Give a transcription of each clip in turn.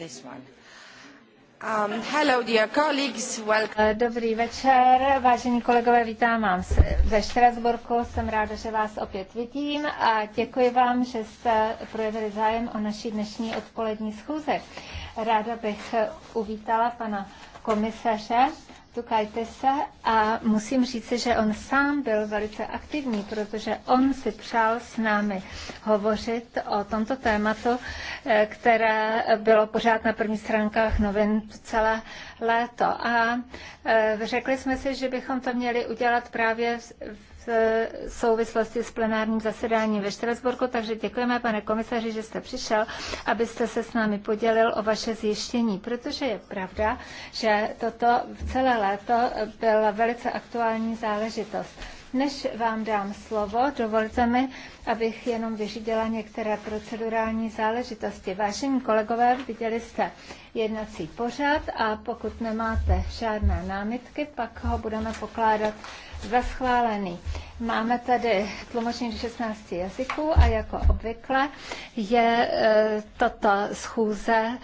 this one. Um, hello, dear colleagues. Welcome. Eh, dobrý večer, vážení kolegové, vítám vás ve Štrasburku. Jsem ráda, že vás opět vidím a děkuji vám, že jste projevili zájem o naší dnešní odpolední schůze. Ráda bych uvítala pana komisaře se a musím říct, že on sám byl velice aktivní, protože on si přál s námi hovořit o tomto tématu, eh, které bylo pořád na prvních stránkách novin celé léto. A eh, řekli jsme si, že bychom to měli udělat právě v v souvislosti s plenárním zasedáním ve Štrasburku, takže děkujeme, pane komisaři, že jste přišel, abyste se s námi podělil o vaše zjištění, protože je pravda, že toto v celé léto byla velice aktuální záležitost. Než vám dám slovo, dovolte mi, abych jenom vyřídila některé procedurální záležitosti. Vážení kolegové, viděli jste jednací pořad a pokud nemáte žádné námitky, pak ho budeme pokládat schválený. Máme tady tlumočení 16 jazyků a jako obvykle je eh, tato schůze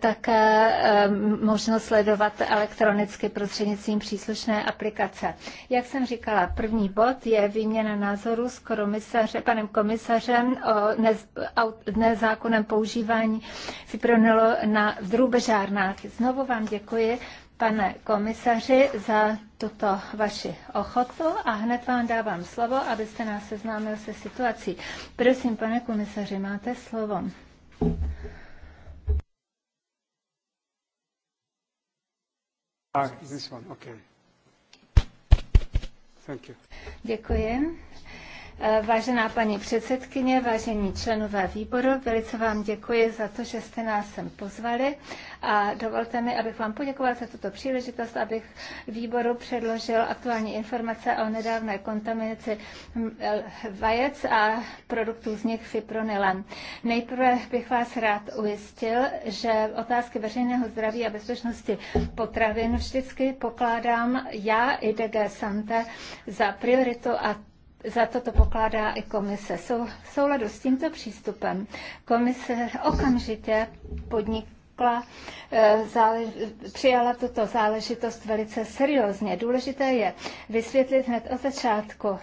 také eh, možno sledovat elektronicky prostřednictvím příslušné aplikace. Jak jsem říkala, první bod je výměna názoru s komisaře, panem komisařem o nezákonném používání fipronilu na drůbežárnách. Znovu vám děkuji pane komisaři, za tuto vaši ochotu a hned vám dávám slovo, abyste nás seznámil se situací. Prosím, pane komisaři, máte slovo. Ah, this one, okay. Thank you. Děkuji. Vážená paní předsedkyně, vážení členové výboru, velice vám děkuji za to, že jste nás sem pozvali a dovolte mi, abych vám poděkoval za tuto příležitost, abych výboru předložil aktuální informace o nedávné kontaminaci eh, vajec a produktů z nich fipronilem. Nejprve bych vás rád ujistil, že otázky veřejného zdraví a bezpečnosti potravin vždycky pokládám já i DG Sante za prioritu a za to to pokládá i komise. Sou, v souladu s tímto přístupem komise okamžitě podnik eh, přijala tuto záležitost velice seriózně. Důležité je vysvětlit hned od začátku,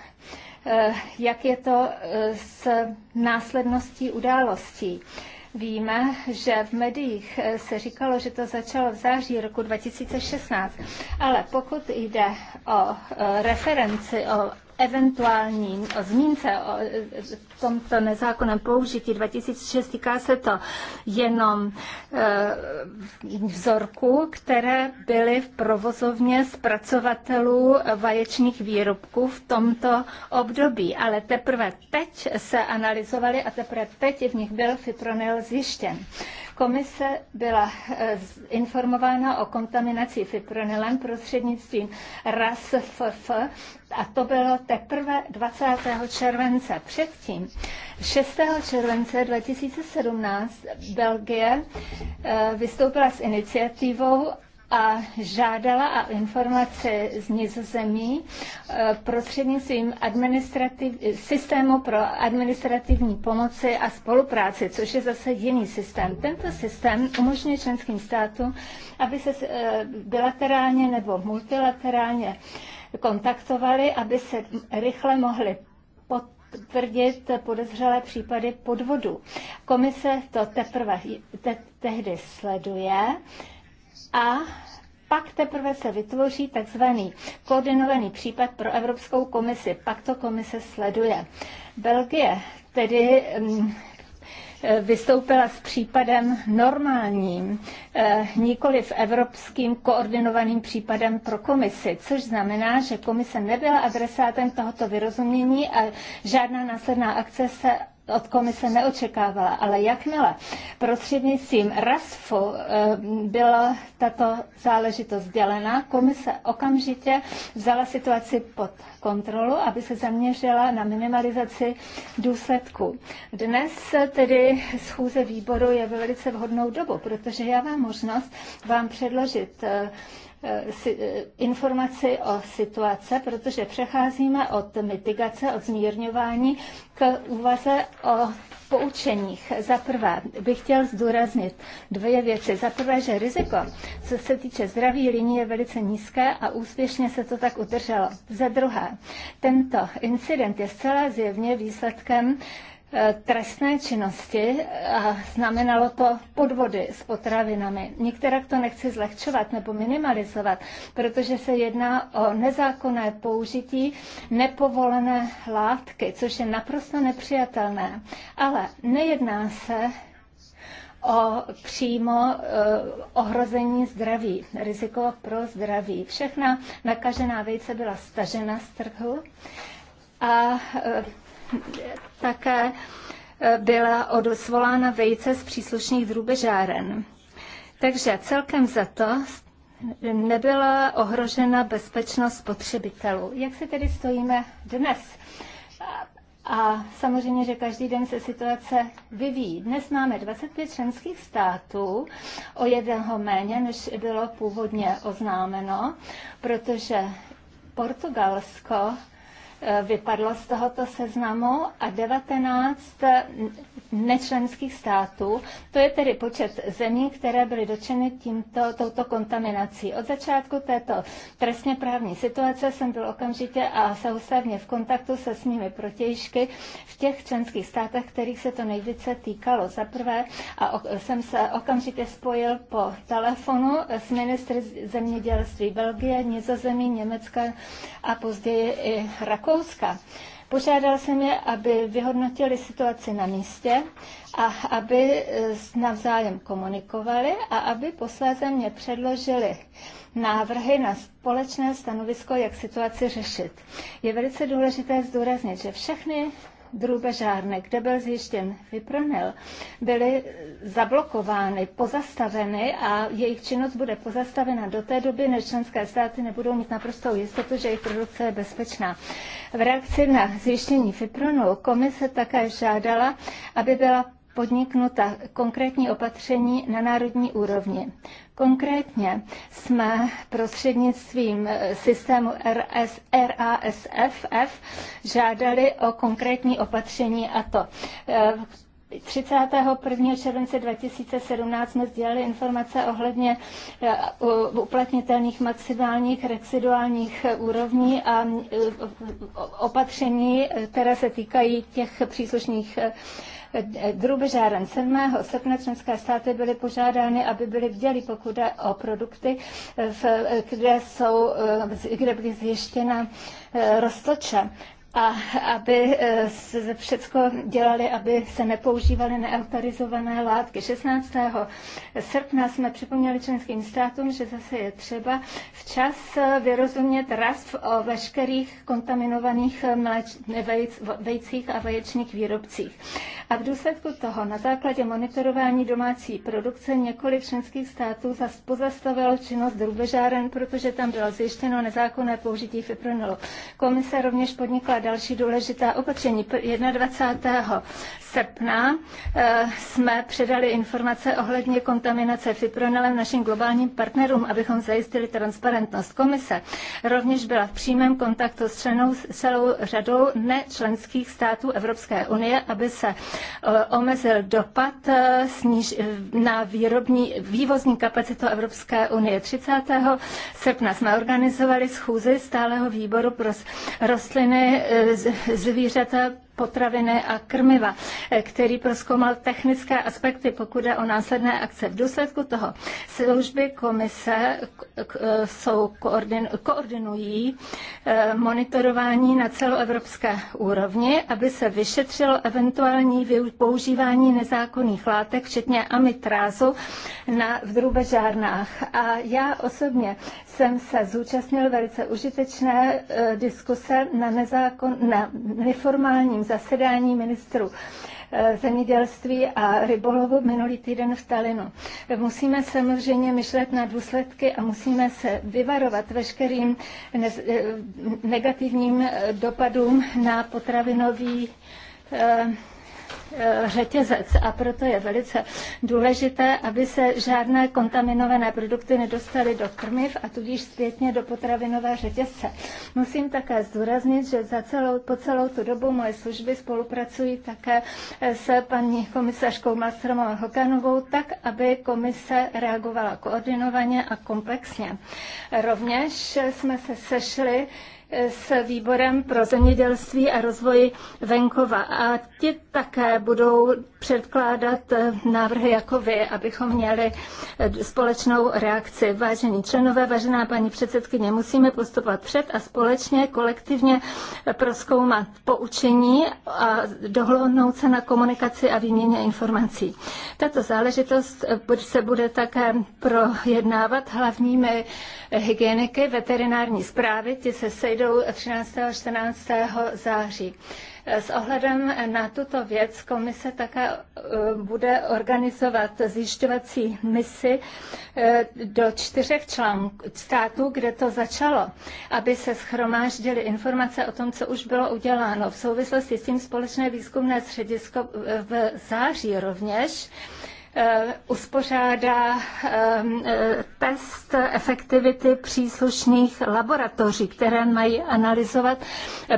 eh, jak je to eh, s následností událostí. Víme, že v médiích se říkalo, že to začalo v září roku 2016, ale pokud jde o referenci, o eventuální zmínce o tomto nezákonném použití 2006 týká se to jenom eh, vzorků, které byly v provozovně zpracovatelů vaječných výrobků v tomto období, ale teprve teď se analyzovaly a teprve teď v nich byl fipronil zjištěn. Komise byla eh, informována o kontaminaci fipronilem prostřednictvím RASFF a to bylo teprve 20. července. Předtím 6. července 2017 Belgie eh, vystoupila s iniciativou a žádala a informace z Nizozemí eh, prostřednictvím administrativ, systému pro administrativní pomoci a spolupráci, což je zase jiný systém. Tento systém umožňuje členským státům, aby se eh, bilaterálně nebo multilaterálně kontaktovali, aby se rychle mohli potvrdit podezřelé případy podvodu. Komise to teprve te- tehdy sleduje a pak teprve se vytvoří takzvaný koordinovaný případ pro Evropskou komisi. Pak to komise sleduje. Belgie tedy mm, eh, vystoupila s případem normálním, eh, nikoli v evropským koordinovaným případem pro komisi, což znamená, že komise nebyla adresátem tohoto vyrozumění a žádná následná akce se od komise neočekávala, ale jakmile prostřednictvím RASFu eh, byla tato záležitost dělena, komise okamžitě vzala situaci pod kontrolu, aby se zaměřila na minimalizaci důsledků. Dnes tedy schůze výboru je ve velice vhodnou dobu, protože já mám možnost vám předložit eh, Eh, eh, informaci o situace, protože přecházíme od mitigace, od zmírňování k úvaze o poučeních. Za prvé bych chtěl zdůraznit dvě věci. Za prvé, že riziko, co se týče zdraví lidí, je velice nízké a úspěšně se to tak udrželo. Za druhé, tento incident je zcela zjevně výsledkem Eh, trestné činnosti a znamenalo to podvody s potravinami. Některak to nechci zlehčovat nebo minimalizovat, protože se jedná o nezákonné použití nepovolené látky, což je naprosto nepřijatelné. Ale nejedná se o přímo eh, ohrození zdraví, riziko pro zdraví. Všechna nakažená vejce byla stažena z trhu a eh, také eh, byla svolána vejce z příslušných drůbežáren. Takže celkem za to nebyla ohrožena bezpečnost spotřebitelů. Jak se tedy stojíme dnes? A samozřejmě, že každý den se situace vyvíjí. Dnes máme 25 členských států, o jednoho méně, než bylo původně oznámeno, protože Portugalsko Eh, vypadlo z tohoto seznamu a 19 eh, nečlenských států. To je tedy počet zemí, které byly dočeny tímto, touto kontaminací. Od začátku této trestně právní situace jsem byl okamžitě a soustavně v kontaktu se svými protějšky v těch členských státech, kterých se to nejvíce týkalo. Za prvé a jsem se okamžitě spojil po telefonu s ministry zemědělství Belgie, Nizozemí, Německa a později i Rakouska. Rakouska. Požádal jsem je, aby vyhodnotili situaci na místě a aby eh, navzájem komunikovali a aby posléze mě předložili návrhy na společné stanovisko, jak situaci řešit. Je velice důležité zdůraznit, že všechny drůbežárny, kde byl zjištěn fipronil, byly zablokovány, pozastaveny a jejich činnost bude pozastavena do té doby, než členské státy nebudou mít naprostou jistotu, že jejich produkce je bezpečná. V reakci na zjištění fipronu komise také žádala, aby byla podniknuta konkrétní opatření na národní úrovni. Konkrétně jsme prostřednictvím eh, systému RS, RASFF žádali o konkrétní opatření a to 31. Eh, července 2017 jsme sdělili informace ohledně eh, uplatnitelných maximálních residuálních úrovní a opatření, které se týkají těch příslušných Drubežáren 7. srpna členské státy byly požádány, aby byly vděli, pokud jde o produkty, eh, eh, kde, jsou, eh, kde byly zjištěna roztoče a aby se všechno dělali, aby se nepoužívaly neautorizované látky. 16. srpna jsme připomněli členským státům, že zase je třeba včas vyrozumět RASF o veškerých kontaminovaných mléč, vejc, vejcích a vaječných výrobcích a v důsledku toho na základě monitorování domácí produkce několik členských států zas pozastavilo činnost drubežáren, protože tam bylo zjištěno nezákonné použití fipronilu. Komise rovněž podnikla další důležitá opatření. 21. srpna eh, jsme předali informace ohledně kontaminace fipronilem našim globálním partnerům, abychom zajistili transparentnost komise. Rovněž byla v přímém kontaktu s členou, celou řadou nečlenských států Evropské unie, aby se Eh, omezil dopad eh, sníž, eh, na výrobní, vývozní kapacitu Evropské unie. 30. srpna jsme organizovali schůzi stáleho výboru pro rostliny, zvířata, potraviny a krmiva, eh, který proskoumal technické aspekty, pokud je o následné akce. V důsledku toho služby komise eh, jsou koordin, koordinují eh, monitorování na celoevropské úrovni, aby se vyšetřilo eventuální používání nezákonných látek, včetně amitrázu na v drubežárnách. A já osobně jsem se zúčastnil velice užitečné diskuse na, nezákon, na neformálním zasedání ministrů eh, zemědělství a rybolovu minulý týden v Talinu. Musíme samozřejmě myšlet na důsledky a musíme se vyvarovat veškerým eh, negativním eh, dopadům na potravinový Eh, řetězec a proto je velice důležité, aby se žádné kontaminované produkty nedostaly do krmiv a tudíž zpětně do potravinové řetězce. Musím také zdůraznit, že za celou, po celou tu dobu moje služby spolupracují také eh, s paní komisařkou Malstromovou Hokanovou tak, aby komise reagovala koordinovaně a komplexně. Rovněž jsme se sešli eh, s výborem pro zemědělství a rozvoj venkova. A ti také budou předkládat eh, návrhy jako vy, abychom měli eh, společnou reakci. Vážení členové, vážená paní předsedkyně, musíme postupovat před a společně, kolektivně eh, proskoumat poučení a dohlednout se na komunikaci a výměně informací. Tato záležitost se bude také projednávat hlavními hygieniky veterinární zprávy, ti se sejdou 13. a 14. září. S ohledem na tuto věc komise také e, bude organizovat zjišťovací misi e, do čtyřech článků, států, kde to začalo, aby se schromáždily informace o tom, co už bylo uděláno. V souvislosti s tím společné výzkumné středisko e, v září rovněž Eh, uspořádá ehm, eh, test efektivity příslušných laboratoří, které mají analyzovat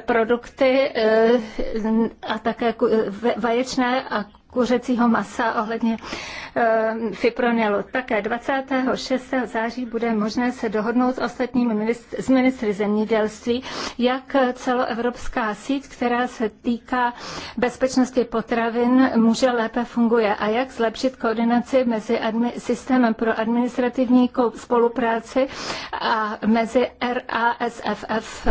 produkty eh, a také vaječné a kuřecího masa ohledně Eh, fipronilu. Také 26. září bude možné se dohodnout s ostatními ministry, s ministry zemědělství, jak celoevropská síť, která se týká bezpečnosti potravin, může lépe funguje a jak zlepšit koordinaci mezi systémem pro administrativní spolupráci a mezi RASFF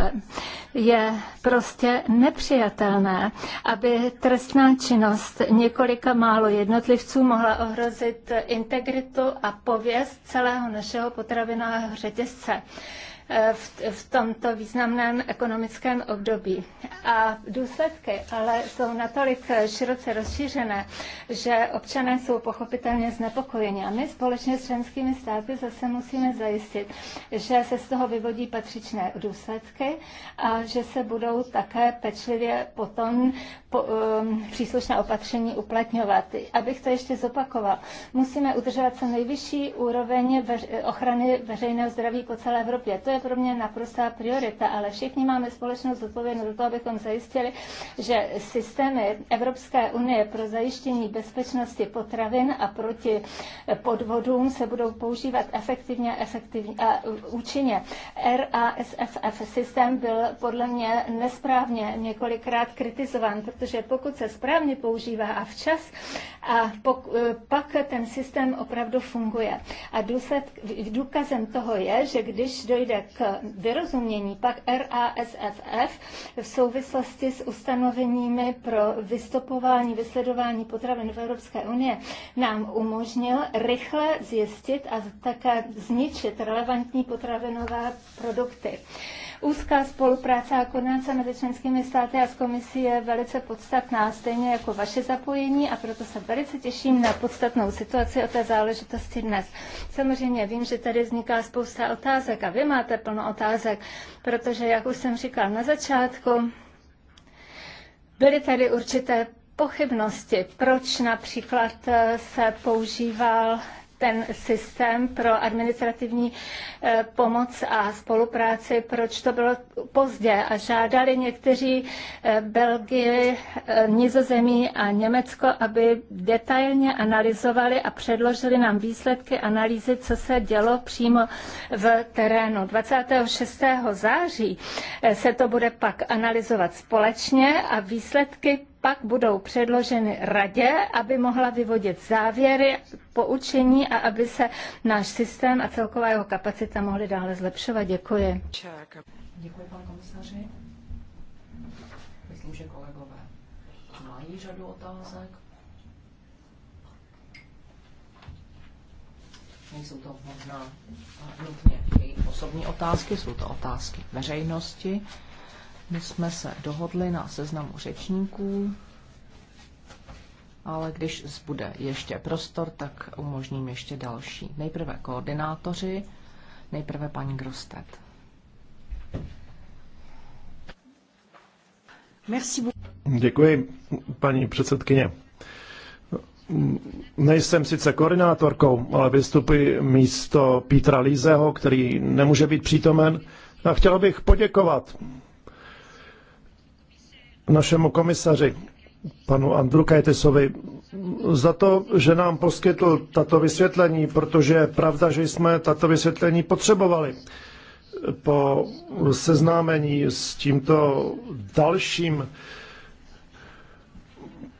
je prostě nepřijatelné, aby trestná činnost několika málo jednotlivců mohla ohrozit ohrozit integritu a pověst celého našeho potravinového řetězce v, v tomto významném ekonomickém období. A důsledky ale jsou natolik široce rozšířené, že občané jsou pochopitelně znepokojeni. A my společně s členskými státy zase musíme zajistit, že se z toho vyvodí patřičné důsledky a že se budou také pečlivě potom po, um, příslušná opatření uplatňovat. Abych to ještě zopakoval, musíme udržovat co nejvyšší úroveň veř- ochrany veřejného zdraví po celé Evropě. To je je pro mě naprostá priorita, ale všichni máme společnou zodpovědnost za to, abychom zajistili, že systémy Evropské unie pro zajištění bezpečnosti potravin a proti podvodům se budou používat efektivně, efektivně a uh, účinně. RASFF systém byl podle mě nesprávně několikrát kritizován, protože pokud se správně používá a včas, a pok- uh, pak ten systém opravdu funguje. A důsled, důkazem toho je, že když dojde k vyrozumění pak RASFF v souvislosti s ustanoveními pro vystupování, vysledování potravin v Evropské unie nám umožnil rychle zjistit a také zničit relevantní potravinové produkty. Úzká spolupráce a koordinace mezi členskými státy a s komisí je velice podstatná, stejně jako vaše zapojení a proto se velice těším na podstatnou situaci o té záležitosti dnes. Samozřejmě vím, že tady vzniká spousta otázek a vy máte plno otázek, protože, jak už jsem říkal na začátku, byly tady určité pochybnosti, proč například eh, se používal ten systém pro administrativní e, pomoc a spolupráci, proč to bylo pozdě a žádali někteří e, Belgii, e, Nizozemí a Německo, aby detailně analyzovali a předložili nám výsledky analýzy, co se dělo přímo v terénu. 26. září se to bude pak analyzovat společně a výsledky pak budou předloženy radě, aby mohla vyvodit závěry, poučení a aby se náš systém a celková jeho kapacita mohly dále zlepšovat. Děkuji. Děkuji, pan komisaři. Myslím, že kolegové mají řadu otázek. Nejsou to možná nutně její osobní otázky, jsou to otázky veřejnosti. My jsme se dohodli na seznamu řečníků, ale když zbude ještě prostor, tak umožním ještě další. Nejprve koordinátoři, nejprve paní Grostet. Merci Děkuji, paní předsedkyně. Nejsem sice koordinátorkou, ale vystupuji místo Pítra Lízeho, který nemůže být přítomen. A chtěl bych poděkovat našemu komisaři, panu Andru Kajtisovi, za to, že nám poskytl tato vysvětlení, protože je pravda, že jsme tato vysvětlení potřebovali. Po seznámení s tímto dalším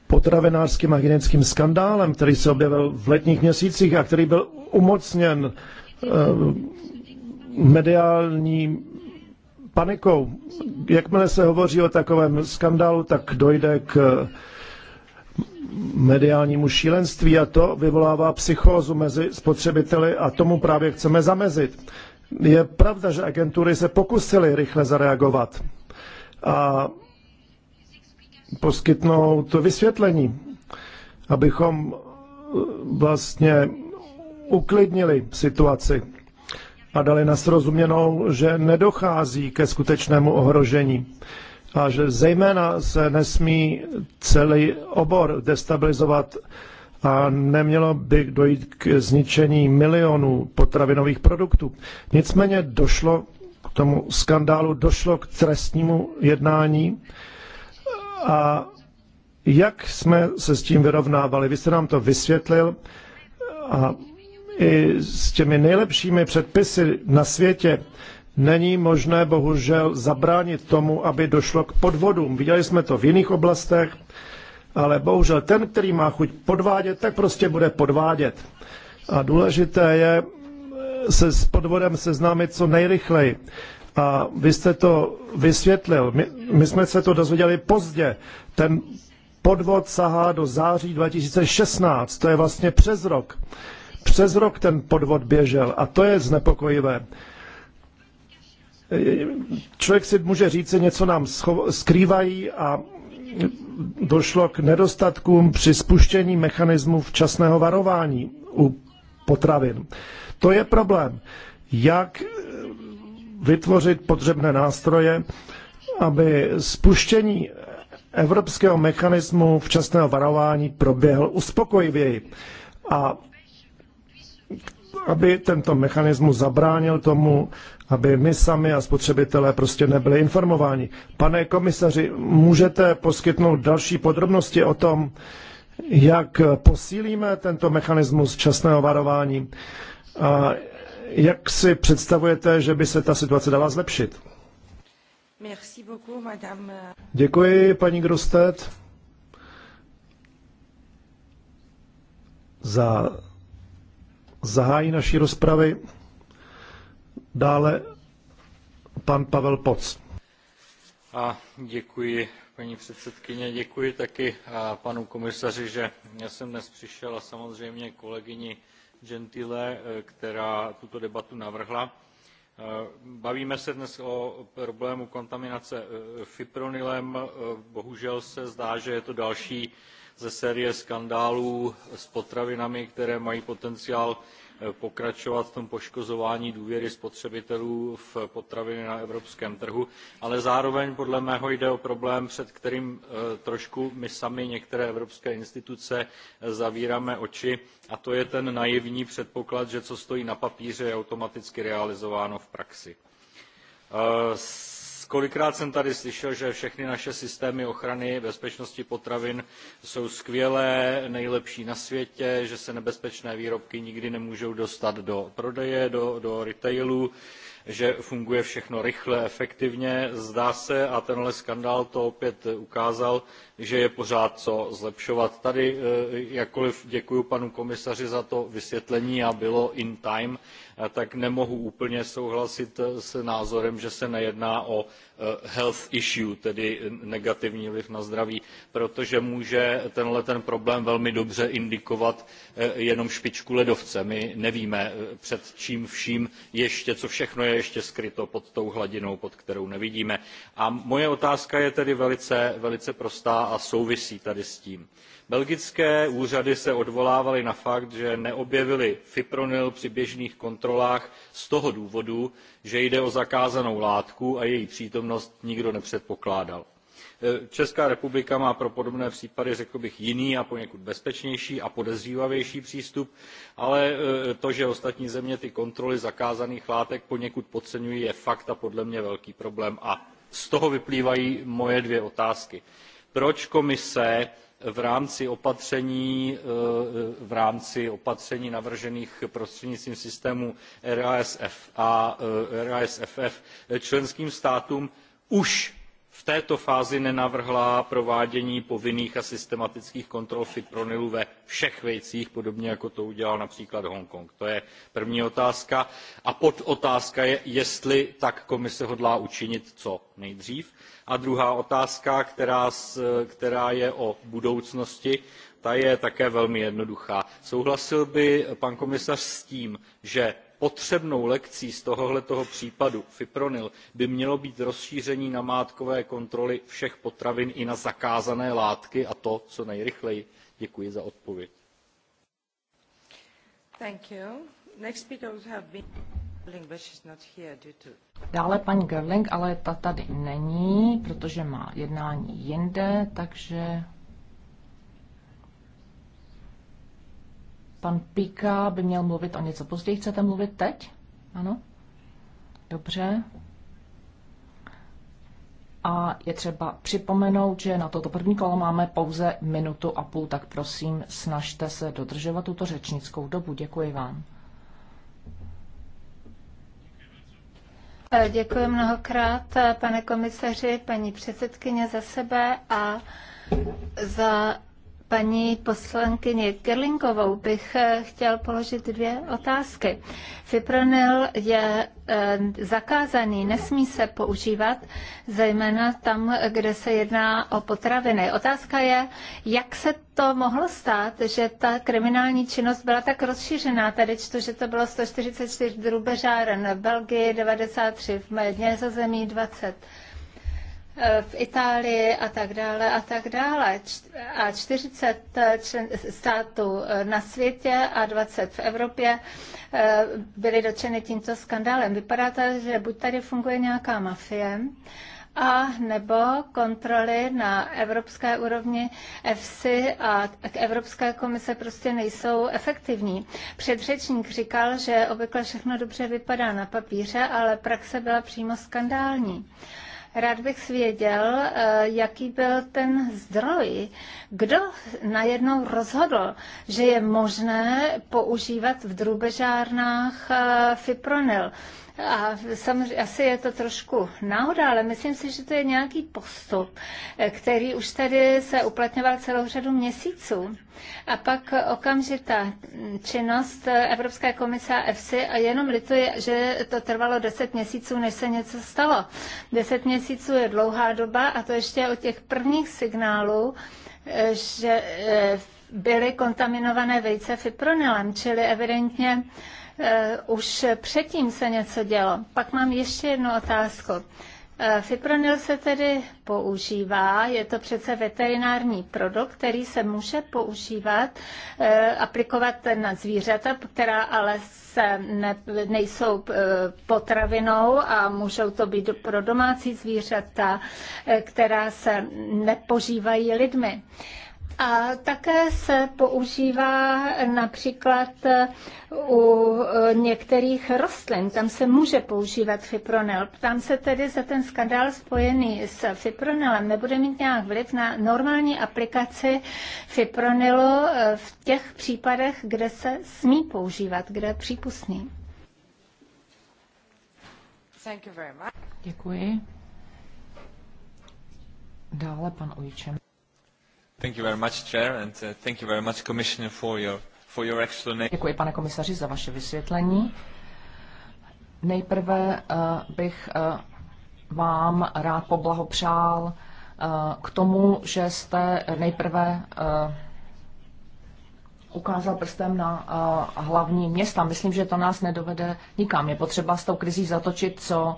potravinářským a hygienickým skandálem, který se objevil v letních měsících a který byl umocněn eh, mediální panikou. Jakmile se hovoří o takovém skandálu, tak dojde k mediálnímu šílenství a to vyvolává psychózu mezi spotřebiteli a tomu právě chceme zamezit. Je pravda, že agentury se pokusily rychle zareagovat a poskytnout vysvětlení, abychom eh, vlastně uklidnili situaci a dali na srozuměnou, že nedochází ke skutečnému ohrožení a že zejména se nesmí celý obor destabilizovat a nemělo by dojít k zničení milionů potravinových produktů. Nicméně došlo k tomu skandálu, došlo k trestnímu jednání a jak jsme se s tím vyrovnávali? Vy jste nám to vysvětlil a i s těmi nejlepšími předpisy na světě není možné bohužel zabránit tomu, aby došlo k podvodům. Viděli jsme to v jiných oblastech, ale bohužel ten, který má chuť podvádět, tak prostě bude podvádět. A důležité je se s podvodem seznámit co nejrychleji. A vy jste to vysvětlil. My, my jsme se to dozvěděli pozdě. Ten podvod sahá do září 2016, to je vlastně přes rok. Přes rok ten podvod běžel a to je znepokojivé. Člověk si může říct, že něco nám skrývají a došlo k nedostatkům při spuštění mechanismu včasného varování u potravin. To je problém. Jak vytvořit potřebné nástroje, aby spuštění evropského mechanismu včasného varování proběhl uspokojivěji. A aby tento mechanismus zabránil tomu, aby my sami a spotřebitelé prostě nebyli informováni. Pane komisaři, můžete poskytnout další podrobnosti o tom, jak posílíme tento mechanismus časného varování a jak si představujete, že by se ta situace dala zlepšit? Beaucoup, Děkuji, paní Grostet, za zahájí naší rozpravy. Dále pan Pavel Poc. A děkuji, paní předsedkyně, děkuji taky panu komisaři, že já jsem dnes přišel a samozřejmě kolegyni Gentile, e, která tuto debatu navrhla Eh, bavíme se dnes o problému kontaminace eh, fipronilem. Eh, bohužel se zdá, že je to další ze série skandálů s potravinami, které mají potenciál Eh, pokračovat v tom poškozování důvěry spotřebitelů v potraviny na evropském trhu, ale zároveň podle mého jde o problém, před kterým eh, trošku my sami některé evropské instituce eh, zavíráme oči, a to je ten naivní předpoklad, že co stojí na papíře, je automaticky realizováno v praxi. S Kolikrát jsem tady slyšel, že všechny naše systémy ochrany bezpečnosti potravin jsou skvělé, nejlepší na světě, že se nebezpečné výrobky nikdy nemůžou dostat do prodeje, do, do retailu, že funguje všechno rychle, efektivně. Zdá se, a tenhle skandál to opět ukázal, že je pořád co zlepšovat. Tady eh, jakkoliv děkuji panu komisaři za to vysvětlení a bylo in time, eh, tak nemohu úplně souhlasit eh, s názorem, že se nejedná o health issue, tedy negativní vliv na zdraví, protože může tenhle ten problém velmi dobře indikovat jenom špičku ledovce. My nevíme před čím vším ještě, co všechno je ještě skryto pod tou hladinou, pod kterou nevidíme. A moje otázka je tedy velice, velice prostá a souvisí tady s tím. belgické úřady se odvolávaly na fakt že neobjevily fipronil při běžných kontrolách z toho důvodu že jde o zakázanou látku a její přítomnost nikdo nepředpokládal. E, česká republika má pro podobné případy řekl bych jiný a poněkud bezpečnější a podezřívavější přístup ale e, to že ostatní země ty kontroly zakázaných látek poněkud podceňují je fakt a podle mě velký problém a z toho vyplývají moje dvě otázky proč komise v rámci opatření, eh, v rámci opatření navržených prostřednictvím systému RASFF eh, eh, členským státům už v této fázi nenavrhla provádění povinných a systematických kontrol fipronilu ve všech vejcích podobně jako to udělal například hongkong? to je první otázka. a podotázka je jestli tak komise hodlá učinit co nejdřív. a druhá otázka která, která je o budoucnosti ta je také velmi jednoduchá. souhlasil by pan komisař s tím že potřebnou lekcí z tohoto případu fipronil by mělo být rozšíření namátkové kontroly všech potravin i na zakázané látky a to co nejrychleji. děkuji za odpověď. Dále paní Gerling, ale ta tady není, protože má jednání jinde, takže Pan Píka by měl mluvit o něco později. Chcete mluvit teď? Ano? Dobře. A je třeba připomenout, že na toto první kolo máme pouze minutu a půl, tak prosím, snažte se dodržovat tuto řečnickou dobu. Děkuji vám. Děkuji mnohokrát, pane komisaři, paní předsedkyně, za sebe a za paní poslankyni Kirlinkovou bych eh, chtěl položit dvě otázky. Fipronil je eh, zakázaný, nesmí se používat, zejména tam, kde se jedná o potraviny. Otázka je, jak se to mohlo stát, že ta kriminální činnost byla tak rozšířená. Tady čtu, že to bylo 144 drubežáren v Belgii, 93 v zemí 20 Eh, v Itálii a tak dále a tak dále. A 40 eh, člen, států eh, na světě a 20 v Evropě byly dočeny tímto skandálem. Vypadá to, že buď tady funguje nějaká mafie, a nebo kontroly na evropské úrovni EFSI a Evropské komise prostě nejsou efektivní. Předřečník říkal, že obvykle všechno dobře vypadá na papíře, ale praxe byla přímo skandální. Rád bych svěděl, eh, jaký byl ten zdroj. Kdo najednou rozhodl, že je možné používat v drubežárnách eh, fipronil? A samozřejmě asi je to trošku náhoda, ale myslím si, že to je nějaký postup, který už tady se uplatňoval celou řadu měsíců. A pak okamžitá činnost Evropské komise a EFSI a jenom lituje, že to trvalo 10 měsíců, než se něco stalo. 10 měsíců je dlouhá doba a to ještě od těch prvních signálů, že eh, byly kontaminované vejce fipronilem, čili evidentně Eh, už předtím se něco dělo. Pak mám ještě jednu otázku. Eh, fipronil se tedy používá, je to přece veterinární produkt, který se může používat, eh, aplikovat na zvířata, která ale se ne, nejsou potravinou a můžou to být pro domácí zvířata, která se nepožívají lidmi. A také se používá například u některých rostlin. Tam se může používat fipronil. Tam se tedy za ten skandál spojený s fipronilem nebude mít nějak vliv na normální aplikaci fipronilu v těch případech, kde se smí používat, kde je přípustný. Děkuji. Dále pan Ujčem. Thank you very much, Chair, and uh, thank you very much, Commissioner, for your, for your explanation. Děkuji, pane komisaři, za vaše vysvětlení. Nejprve uh, bych uh, vám rád poblahopřál uh, k tomu, že jste nejprve uh, ukázal prstem na uh, hlavní města. Myslím, že to nás nedovede nikam. Je potřeba s tou krizí zatočit co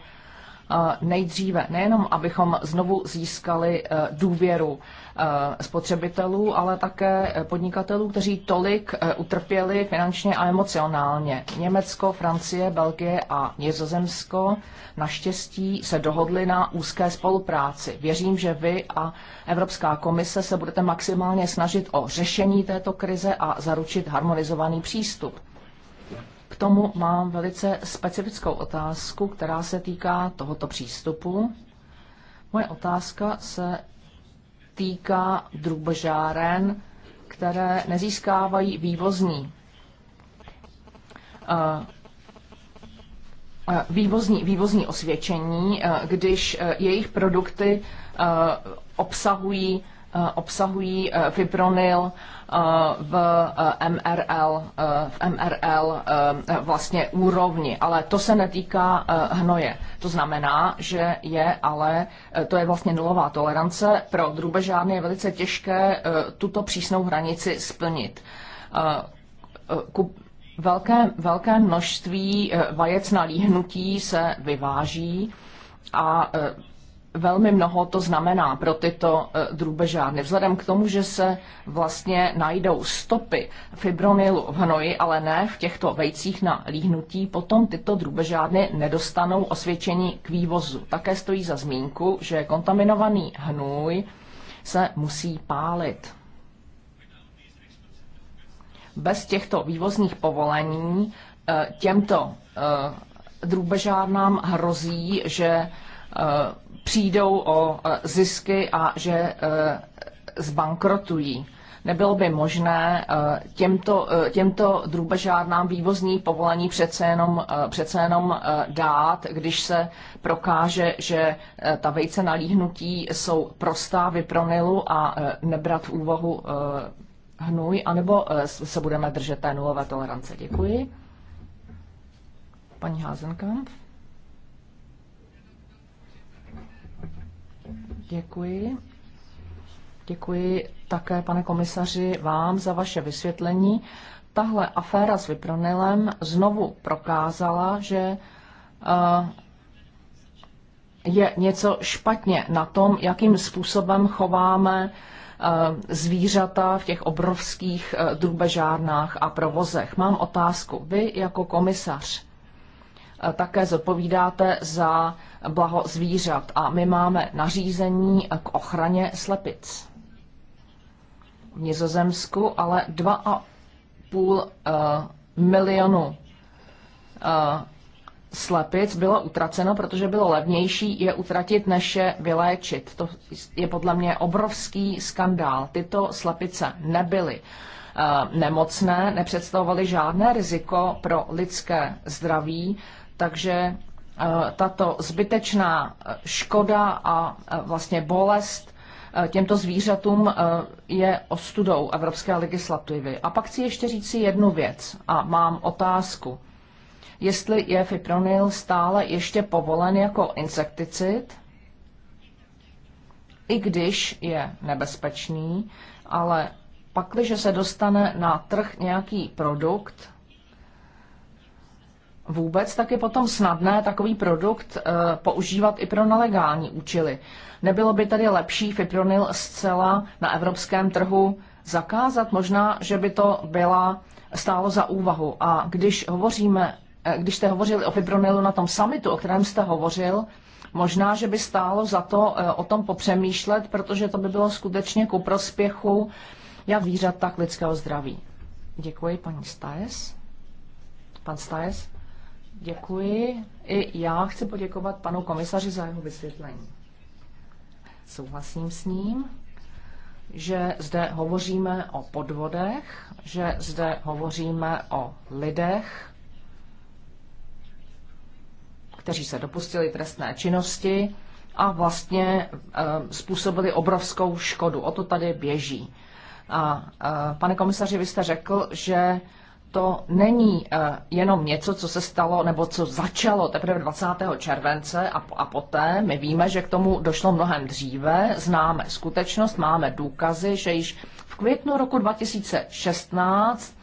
nejdříve, nejenom abychom znovu získali e, důvěru e, spotřebitelů, ale také podnikatelů, kteří tolik e, utrpěli finančně a emocionálně. Německo, Francie, Belgie a Nizozemsko naštěstí se dohodli na úzké spolupráci. Věřím, že vy a Evropská komise se budete maximálně snažit o řešení této krize a zaručit harmonizovaný přístup. K tomu mám velice specifickou otázku, která se týká tohoto přístupu. Moje otázka se týká drubežáren, které nezískávají vývozní eh, eh, vývozní, vývozní osvědčení, eh, když jejich produkty obsahují Eh, obsahují eh, fipronil eh, v MRL, v MRL vlastně úrovni, ale to se netýká hnoje. To znamená, že je ale, to je vlastně nulová tolerance, pro drubežárny je velice těžké tuto přísnou hranici splnit. Velké, velké množství vajec na líhnutí se vyváží a velmi mnoho to znamená pro tyto eh, drůbežárny. Vzhledem k tomu, že se vlastně najdou stopy fibronilu v hnoji, ale ne v těchto vejcích na líhnutí, potom tyto drůbežárny nedostanou osvědčení k vývozu. Také stojí za zmínku, že kontaminovaný hnůj se musí pálit. Bez těchto vývozních povolení eh, těmto eh, drůbežárnám hrozí, že Eh, přijdou o eh, zisky a že eh, zbankrotují. Nebylo by možné těmto, těmto drůbežárnám vývozní povolení přece jenom, přece jenom dát, když se prokáže, že ta vejce na líhnutí jsou prostá vypronilu a nebrat v úvahu hnůj, anebo se budeme držet té nulové tolerance. Děkuji. Paní Házenkamp. Děkuji. Děkuji také, pane komisaři, vám za vaše vysvětlení. Tahle aféra s Vipronilem znovu prokázala, že eh, je něco špatně na tom, jakým způsobem chováme eh, zvířata v těch obrovských eh, drubežárnách a provozech. Mám otázku. Vy jako komisař také zodpovídáte za blaho zvířat a my máme nařízení k ochraně slepic. V Nizozemsku ale 2,5 eh, milionu eh, slepic bylo utraceno, protože bylo levnější je utratit, než je vyléčit. To je podle mě obrovský skandál. Tyto slepice nebyly eh, nemocné, nepředstavovaly žádné riziko pro lidské zdraví takže eh, tato zbytečná eh, škoda a eh, vlastně bolest těmto zvířatům je ostudou evropské legislativy. A pak chci ještě říct si jednu věc a mám otázku. Jestli je fipronil stále ještě povolen jako insekticid, i když je nebezpečný, ale pakliže se dostane na trh nějaký produkt, vůbec, tak je potom snadné takový produkt eh, používat i pro nelegální účely. Nebylo by tedy lepší fipronil zcela na evropském trhu zakázat? Možná, že by to byla stálo za úvahu. A když hovoříme, eh, když jste hovořili o fipronilu na tom summitu, o kterém jste hovořil, možná, že by stálo za to eh, o tom popřemýšlet, protože to by bylo skutečně ku prospěchu jak výřad, tak lidského zdraví. Děkuji, paní Stajes. Pan Stajes. Děkuji. I já chci poděkovat panu komisaři za jeho vysvětlení. Souhlasím s ním, že zde hovoříme o podvodech, že zde hovoříme o lidech, kteří se dopustili trestné činnosti a vlastně eh, způsobili obrovskou škodu. O to tady běží. A eh, pane komisaři, vy jste řekl, že to není eh, jenom něco, co se stalo nebo co začalo teprve 20. července a, a poté. My víme, že k tomu došlo mnohem dříve, známe skutečnost, máme důkazy, že již v květnu roku 2016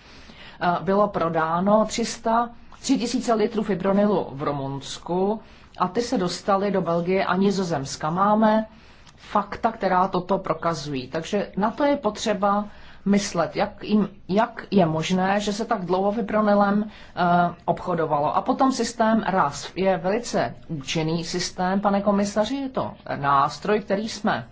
eh, bylo prodáno 300 3000 litrů fibronilu v Rumunsku a ty se dostaly do Belgie a Nizozemska. Máme fakta, která toto prokazují. Takže na to je potřeba myslet, jak, jim, jak je možné, že se tak dlouho vypronelem uh, eh, obchodovalo. A potom systém RAS je velice účinný systém, pane komisaři, je to nástroj, který jsme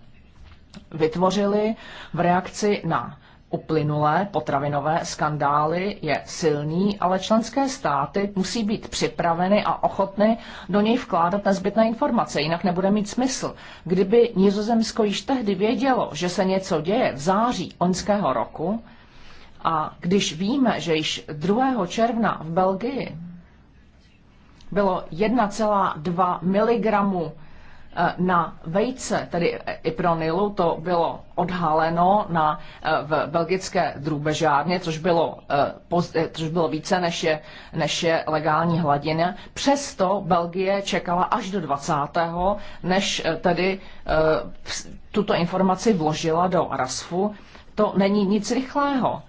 vytvořili v reakci na uplynulé potravinové skandály je silný, ale členské státy musí být připraveny a ochotny do něj vkládat nezbytné informace, jinak nebude mít smysl. Kdyby Nizozemsko již tehdy vědělo, že se něco děje v září loňského roku, a když víme, že již 2. června v Belgii bylo 1,2 miligramu Eh, na vejce, tedy i pro Nilu, to bylo odhaleno na, eh, v belgické drůbežárně, což bylo, eh, což bylo více než je, než je legální hladina. Přesto Belgie čekala až do 20. než tedy tuto informaci vložila do RASFu. To není nic rychlého.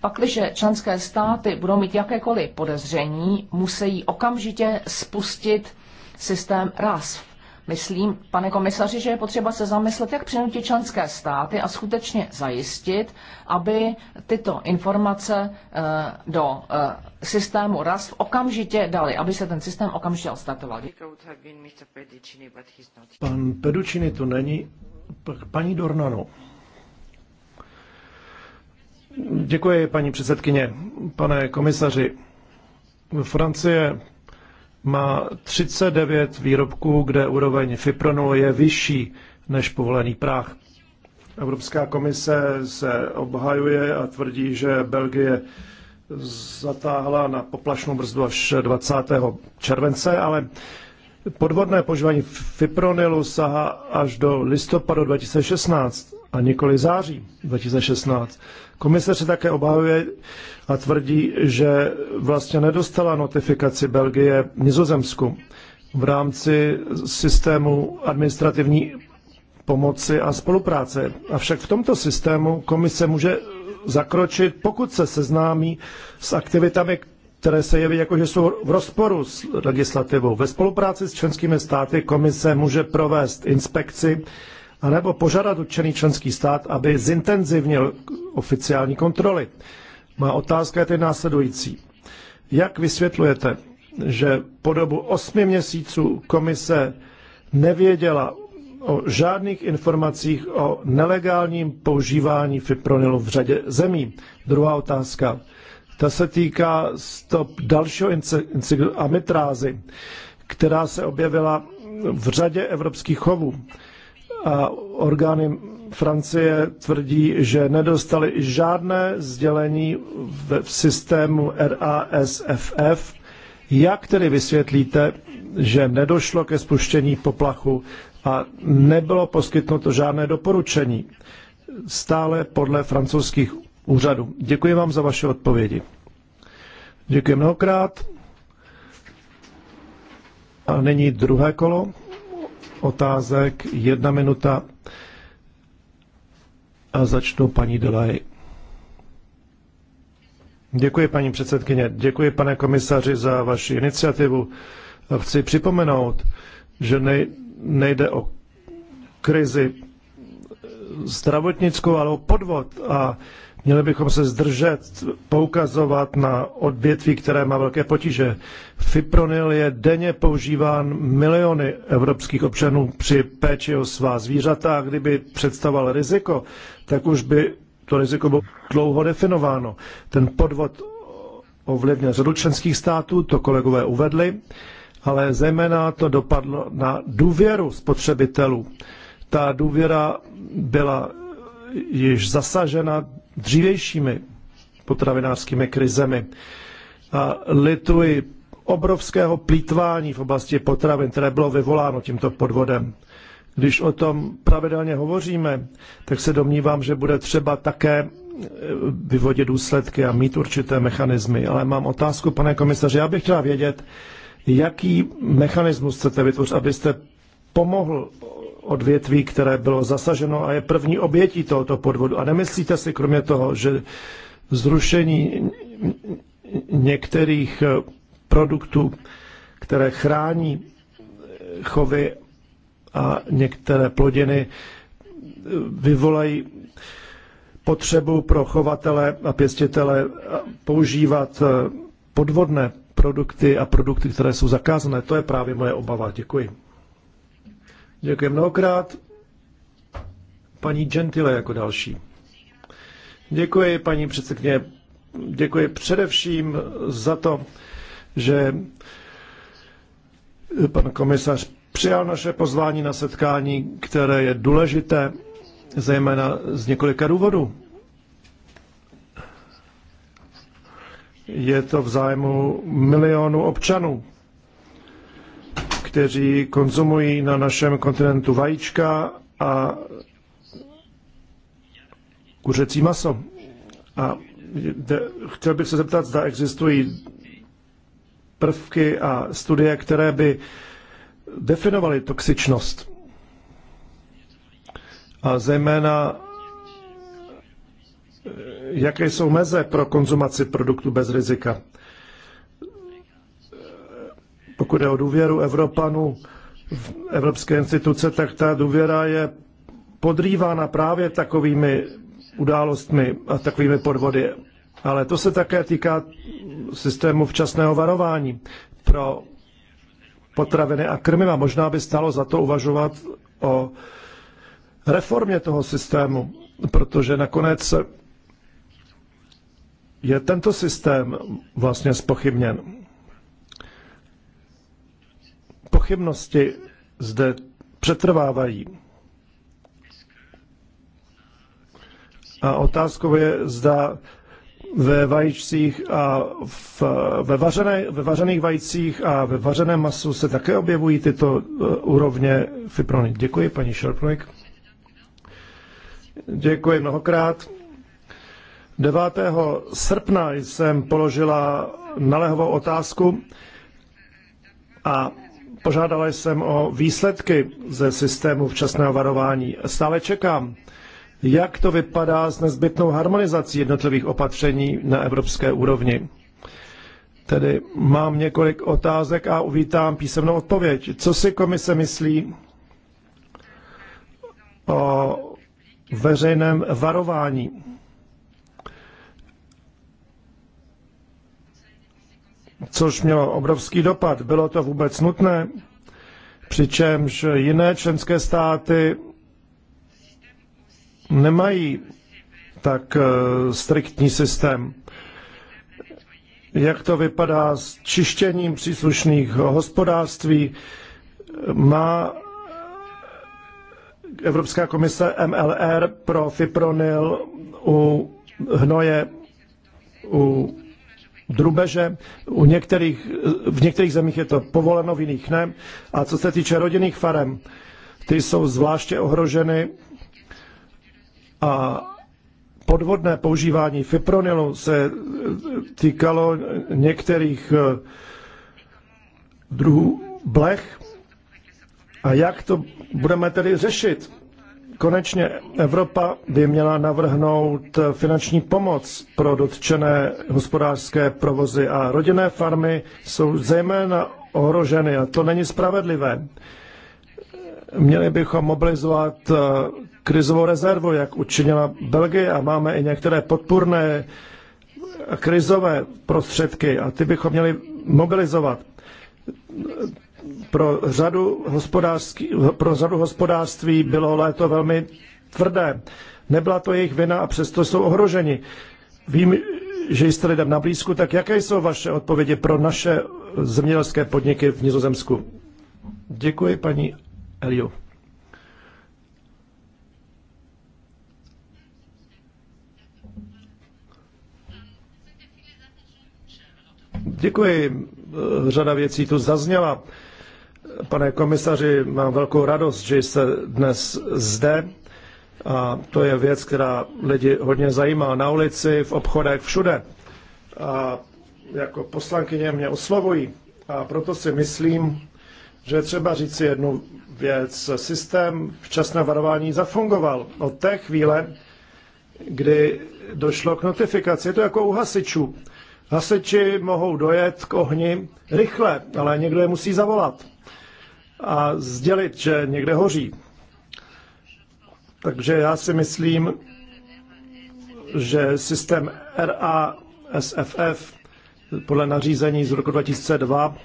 Pakliže členské státy budou mít jakékoliv podezření, musí okamžitě spustit systém RASF Myslím, pane komisaři, že je potřeba se zamyslet, jak přinutit členské státy a skutečně zajistit, aby tyto informace eh, do eh, systému RAS okamžitě dali, aby se ten systém okamžitě odstartoval. Pan Pedučiny tu není, paní Dornano. Děkuji, paní předsedkyně. Pane komisaři, Francie má 39 výrobků, kde úroveň fipronolu je vyšší než povolený práh. Evropská komise se obhajuje a tvrdí, že Belgie zatáhla na poplašnou brzdu až 20. července, ale podvodné požívání fipronilu sahá až do listopadu 2016 a nikoli září 2016. Komise se také obávuje a tvrdí, že vlastně nedostala notifikaci Belgie Nizozemsku v rámci systému administrativní pomoci a spolupráce. Avšak v tomto systému komise může zakročit, pokud se seznámí s aktivitami, které se jeví jako, že jsou v rozporu s legislativou. Ve spolupráci s členskými státy komise může provést inspekci anebo požádat dotčený členský stát, aby zintenzivnil oficiální kontroly. Má otázka je tedy následující. Jak vysvětlujete, že po dobu osmi měsíců komise nevěděla o žádných informacích o nelegálním používání fipronilu v řadě zemí? Druhá otázka. Ta se týká stop dalšího amitrázy, která se objevila v řadě evropských chovů a orgány Francie tvrdí, že nedostali žádné sdělení v, systému RASFF. Jak tedy vysvětlíte, že nedošlo ke spuštění poplachu a nebylo poskytnuto žádné doporučení? Stále podle francouzských úřadů. Děkuji vám za vaše odpovědi. Děkuji mnohokrát. A nyní druhé kolo otázek. Jedna minuta a začnu paní Delaj. Děkuji, paní předsedkyně. Děkuji, pane komisaři, za vaši iniciativu. Chci připomenout, že nejde o krizi zdravotnickou, ale o podvod. A Měli bychom se zdržet, poukazovat na odvětví, které má velké potíže. Fipronil je denně používán miliony evropských občanů při péči o svá zvířata a kdyby představoval riziko, tak už by to riziko bylo dlouho definováno. Ten podvod ovlivnil řadu členských států, to kolegové uvedli, ale zejména to dopadlo na důvěru spotřebitelů. Ta důvěra byla již zasažena dřívějšími potravinářskými krizemi. A lituji obrovského plítvání v oblasti potravin, které bylo vyvoláno tímto podvodem. Když o tom pravidelně hovoříme, tak se domnívám, že bude třeba také eh, vyvodit důsledky a mít určité mechanismy. Ale mám otázku, pane komisaři, já bych chtěla vědět, jaký mechanismus chcete vytvořit, abyste pomohl odvětví, které bylo zasaženo a je první obětí tohoto podvodu. A nemyslíte si kromě toho, že zrušení některých eh, produktů, které chrání eh, chovy a některé plodiny, eh, vyvolají potřebu pro chovatele a pěstitele používat podvodné produkty a produkty, které jsou zakázané. To je právě moje obava. Děkuji. Děkuji mnohokrát. Paní Gentile jako další. Děkuji, paní předsedkyně. Děkuji především za to, že pan komisař přijal naše pozvání na setkání, které je důležité, zejména z několika důvodů. Je to v zájmu milionů občanů kteří konzumují na našem kontinentu vajíčka a kuřecí maso. A chtěl bych se zeptat, zda existují prvky a studie, které by definovaly toxičnost. A zejména, jaké jsou meze pro konzumaci produktu bez rizika pokud je o důvěru Evropanů v evropské instituce, tak ta důvěra je podrývána právě takovými událostmi a takovými podvody. Ale to se také týká systému včasného varování pro potraviny a krmiva. Možná by stálo za to uvažovat o reformě toho systému, protože nakonec je tento systém vlastně spochybněn pochybnosti zde přetrvávají. A otázkou je, zda ve vajíčcích a v, ve, vařené, ve vařených vajících a ve vařeném masu se také objevují tyto e, úrovně fiprony. Děkuji, paní Šerplik. Děkuji mnohokrát. 9. srpna jsem položila nalehovou otázku a Požádala jsem o výsledky ze systému včasného varování. Stále čekám. Jak to vypadá s nezbytnou harmonizací jednotlivých opatření na evropské úrovni? Tedy mám několik otázek a uvítám písemnou odpověď. Co si komise myslí o veřejném varování? což mělo obrovský dopad. Bylo to vůbec nutné, přičemž jiné členské státy nemají tak eh, striktní systém. Jak to vypadá s čištěním příslušných hospodářství? Má Evropská komise MLR pro fipronil u hnoje, u drubeže. U některých, v některých zemích je to povoleno, v jiných ne. A co se týče rodinných farem, ty jsou zvláště ohroženy a podvodné používání fipronilu se eh, týkalo některých eh, druhů blech. A jak to budeme tedy řešit? Konečně Evropa by měla navrhnout finanční pomoc pro dotčené hospodářské provozy a rodinné farmy jsou zejména ohroženy a to není spravedlivé. Měli bychom mobilizovat eh, krizovou rezervu, jak učinila Belgie a máme i některé podpůrné krizové prostředky a ty bychom měli mobilizovat pro řadu, hospodářství, pro řadu hospodářství bylo léto velmi tvrdé. Nebyla to jejich vina a přesto jsou ohroženi. Vím, že jste lidem na blízku, tak jaké jsou vaše odpovědi pro naše zemědělské podniky v Nizozemsku? Děkuji, paní Eliu. Děkuji. Řada věcí tu zazněla. Pane komisaři, mám velkou radost, že jste dnes zde. A to je věc, která lidi hodně zajímá na ulici, v obchodech, všude. A jako poslankyně mě oslovují. A proto si myslím, že je třeba říci jednu věc. Systém včasné varování zafungoval od té chvíle, kdy došlo k notifikaci. Je to jako u hasičů. Hasiči mohou dojet k ohni rychle, ale někdo je musí zavolat a sdělit, že někde hoří. Takže já si myslím, že systém RASFF podle nařízení z roku 2002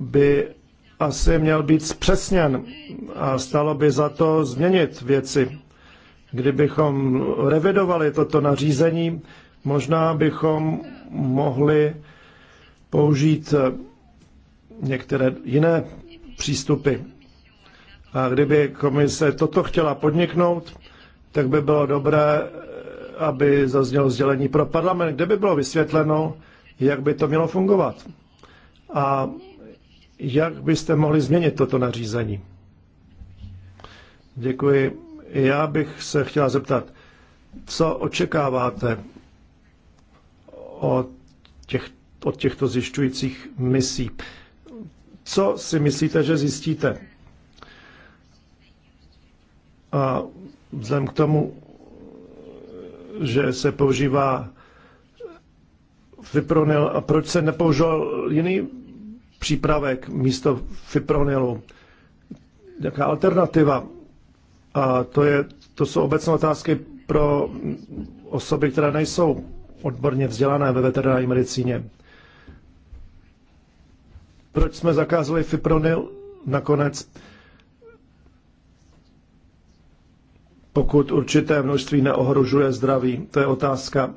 by asi měl být zpřesněn a stalo by za to změnit věci. Kdybychom revidovali toto nařízení, možná bychom mohli použít některé jiné přístupy. A kdyby komise toto chtěla podniknout, tak by bylo dobré, aby zaznělo sdělení pro parlament, kde by bylo vysvětleno, jak by to mělo fungovat. A jak byste mohli změnit toto nařízení? Děkuji. Já bych se chtěla zeptat, co očekáváte od, těch, od těchto zjišťujících misí? Co si myslíte, že zjistíte? A vzhledem k tomu, že se používá fipronil a proč se nepoužil jiný přípravek místo fipronilu? Jaká alternativa? A to, je, to jsou obecné otázky pro osoby, které nejsou odborně vzdělané ve veterinární medicíně. Proč jsme zakázali fipronil nakonec? Pokud určité množství neohrožuje zdraví, to je otázka,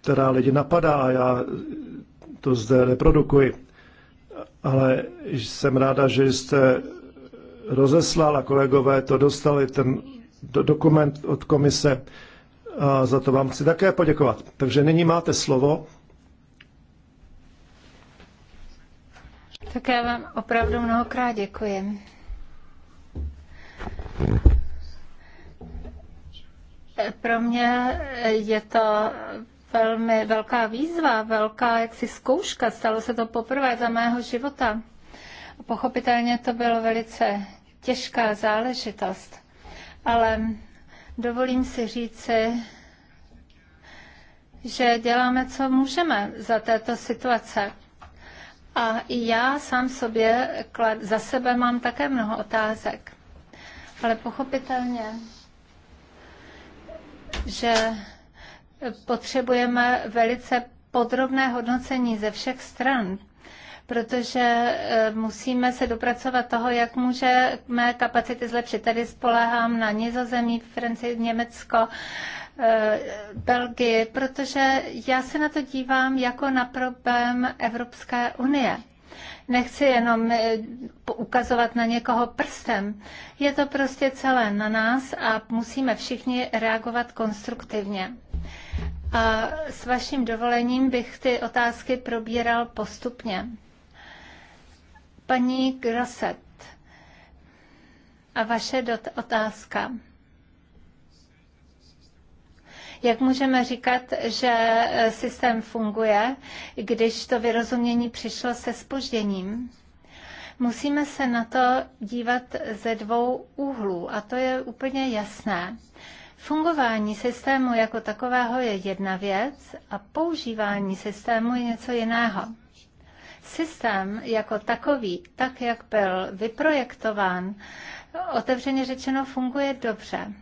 která lidi napadá a já to zde reprodukuji. Ale jsem ráda, že jste rozeslal a kolegové to dostali, ten dokument od komise. A za to vám chci také poděkovat. Takže nyní máte slovo Tak já vám opravdu mnohokrát děkuji. Pro mě je to velmi velká výzva, velká jaksi zkouška. Stalo se to poprvé za mého života. Pochopitelně to bylo velice těžká záležitost, ale dovolím si říci, že děláme, co můžeme za této situace. A já sám sobě za sebe mám také mnoho otázek. Ale pochopitelně, že potřebujeme velice podrobné hodnocení ze všech stran, protože eh, musíme se dopracovat toho, jak může mé kapacity zlepšit. Tady spolehám na Nizozemí, Francii, Německo, Eh, Belgii, protože já se na to dívám jako na problém Evropské unie. Nechci jenom eh, ukazovat na někoho prstem. Je to prostě celé na nás a musíme všichni reagovat konstruktivně. A s vaším dovolením bych ty otázky probíral postupně. Paní Grosset a vaše otázka. Jak můžeme říkat, že eh, systém funguje, když to vyrozumění přišlo se spožděním? Musíme se na to dívat ze dvou úhlů a to je úplně jasné. Fungování systému jako takového je jedna věc a používání systému je něco jiného. Systém jako takový, tak jak byl vyprojektován, otevřeně řečeno funguje dobře.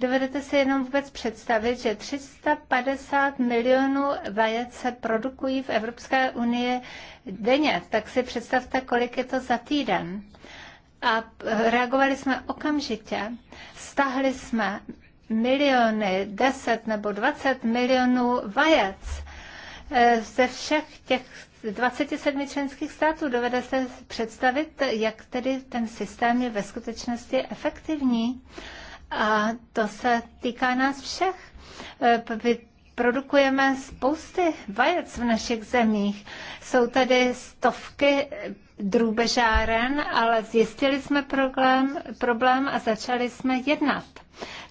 Dovedete si jenom vůbec představit, že 350 milionů vajec se produkují v Evropské unii denně, tak si představte, kolik je to za týden. A eh, reagovali jsme okamžitě, stahli jsme miliony, 10 nebo 20 milionů vajec eh, ze všech těch 27 členských států. Dovede si představit, jak tedy ten systém je ve skutečnosti efektivní? A to se týká nás všech. E, vy produkujeme spousty vajec v našich zemích. Jsou tady stovky drůbežáren, ale zjistili jsme problém, problém a začali jsme jednat.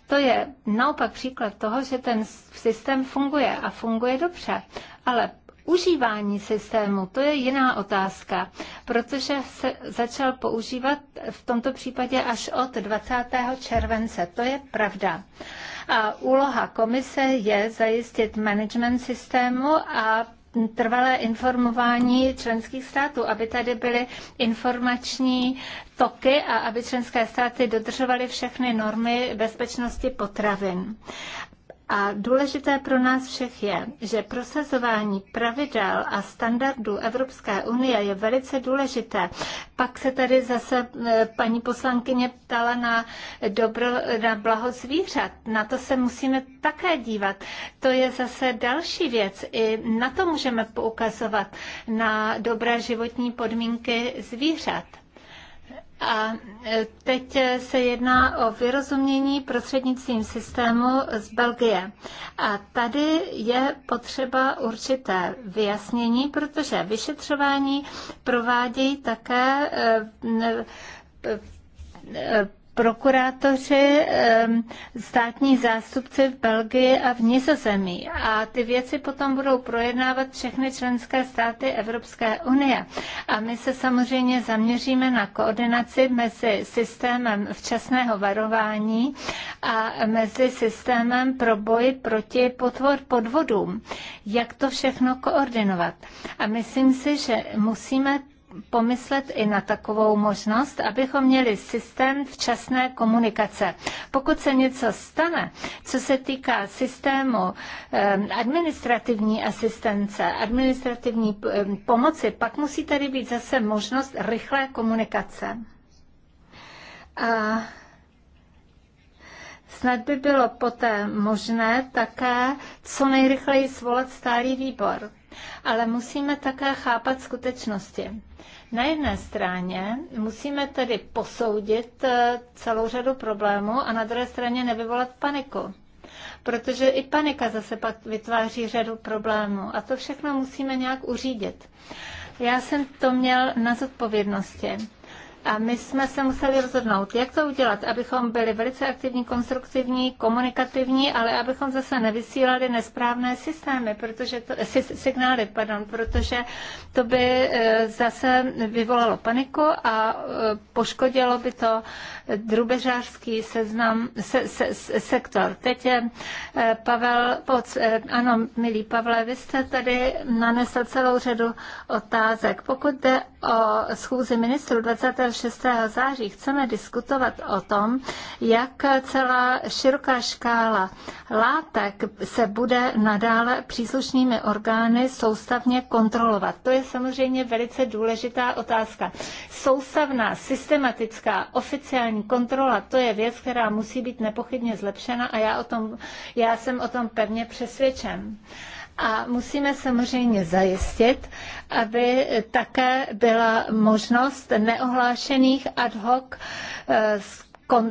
To je naopak příklad toho, že ten systém funguje a funguje dobře. Ale Užívání systému, to je jiná otázka, protože se začal používat v tomto případě až od 20. července. To je pravda. A úloha komise je zajistit management systému a trvalé informování členských států, aby tady byly informační toky a aby členské státy dodržovaly všechny normy bezpečnosti potravin. A důležité pro nás všech je, že prosazování pravidel a standardů Evropské unie je velice důležité. Pak se tady zase eh, paní poslankyně ptala na, dobro, na blaho zvířat. Na to se musíme také dívat. To je zase další věc. I na to můžeme poukazovat na dobré životní podmínky zvířat. A e, teď se jedná o vyrozumění prostřednictvím systému z Belgie. A tady je potřeba určité vyjasnění, protože vyšetřování provádějí také e, e, prokurátoři, státní zástupci v Belgii a v Nizozemí. A ty věci potom budou projednávat všechny členské státy Evropské unie. A my se samozřejmě zaměříme na koordinaci mezi systémem včasného varování a mezi systémem pro boj proti potvor podvodům. Jak to všechno koordinovat? A myslím si, že musíme pomyslet i na takovou možnost, abychom měli systém včasné komunikace. Pokud se něco stane, co se týká systému eh, administrativní asistence, administrativní eh, pomoci, pak musí tady být zase možnost rychlé komunikace. A snad by bylo poté možné také co nejrychleji svolat stálý výbor. Ale musíme také chápat skutečnosti. Na jedné straně musíme tedy posoudit eh, celou řadu problémů a na druhé straně nevyvolat paniku protože i panika zase pak vytváří řadu problémů a to všechno musíme nějak uřídit. Já jsem to měl na zodpovědnosti. A my jsme se museli rozhodnout, jak to udělat, abychom byli velice aktivní, konstruktivní, komunikativní, ale abychom zase nevysílali nesprávné systémy, protože to, signály, pardon, protože to by eh, zase vyvolalo paniku a eh, poškodilo by to drubežářský seznam, se, se, sektor. Teď je eh, Pavel Poc, ano, milý Pavle, vy jste tady nanesl celou řadu otázek. Pokud jde o schůzi ministru 20. 6. září chceme diskutovat o tom, jak celá široká škála látek se bude nadále příslušnými orgány soustavně kontrolovat. To je samozřejmě velice důležitá otázka. Soustavná, systematická, oficiální kontrola, to je věc, která musí být nepochybně zlepšena a já, o tom, já jsem o tom pevně přesvědčen. Uh, a musíme samozřejmě zajistit, aby také byla možnost neohlášených ad hoc eh,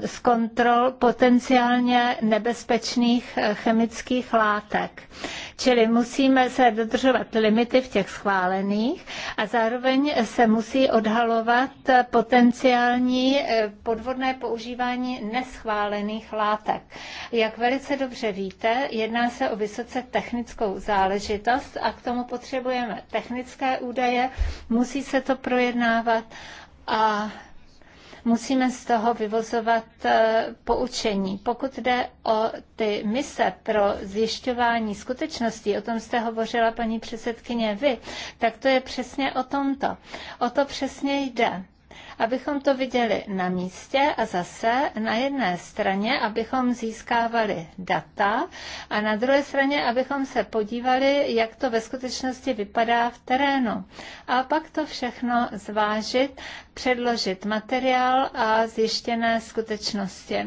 z kontrol potenciálně nebezpečných eh, chemických látek. Čili musíme se dodržovat limity v těch schválených a zároveň se musí odhalovat potenciální eh, podvodné používání neschválených látek. Jak velice dobře víte, jedná se o vysoce technickou záležitost a k tomu potřebujeme technické údaje, musí se to projednávat a musíme z toho vyvozovat eh, poučení. Pokud jde o ty mise pro zjišťování skutečností, o tom jste hovořila paní předsedkyně vy, tak to je přesně o tomto. O to přesně jde abychom to viděli na místě a zase na jedné straně, abychom získávali data a na druhé straně, abychom se podívali, jak to ve skutečnosti vypadá v terénu. A pak to všechno zvážit, předložit materiál a zjištěné skutečnosti.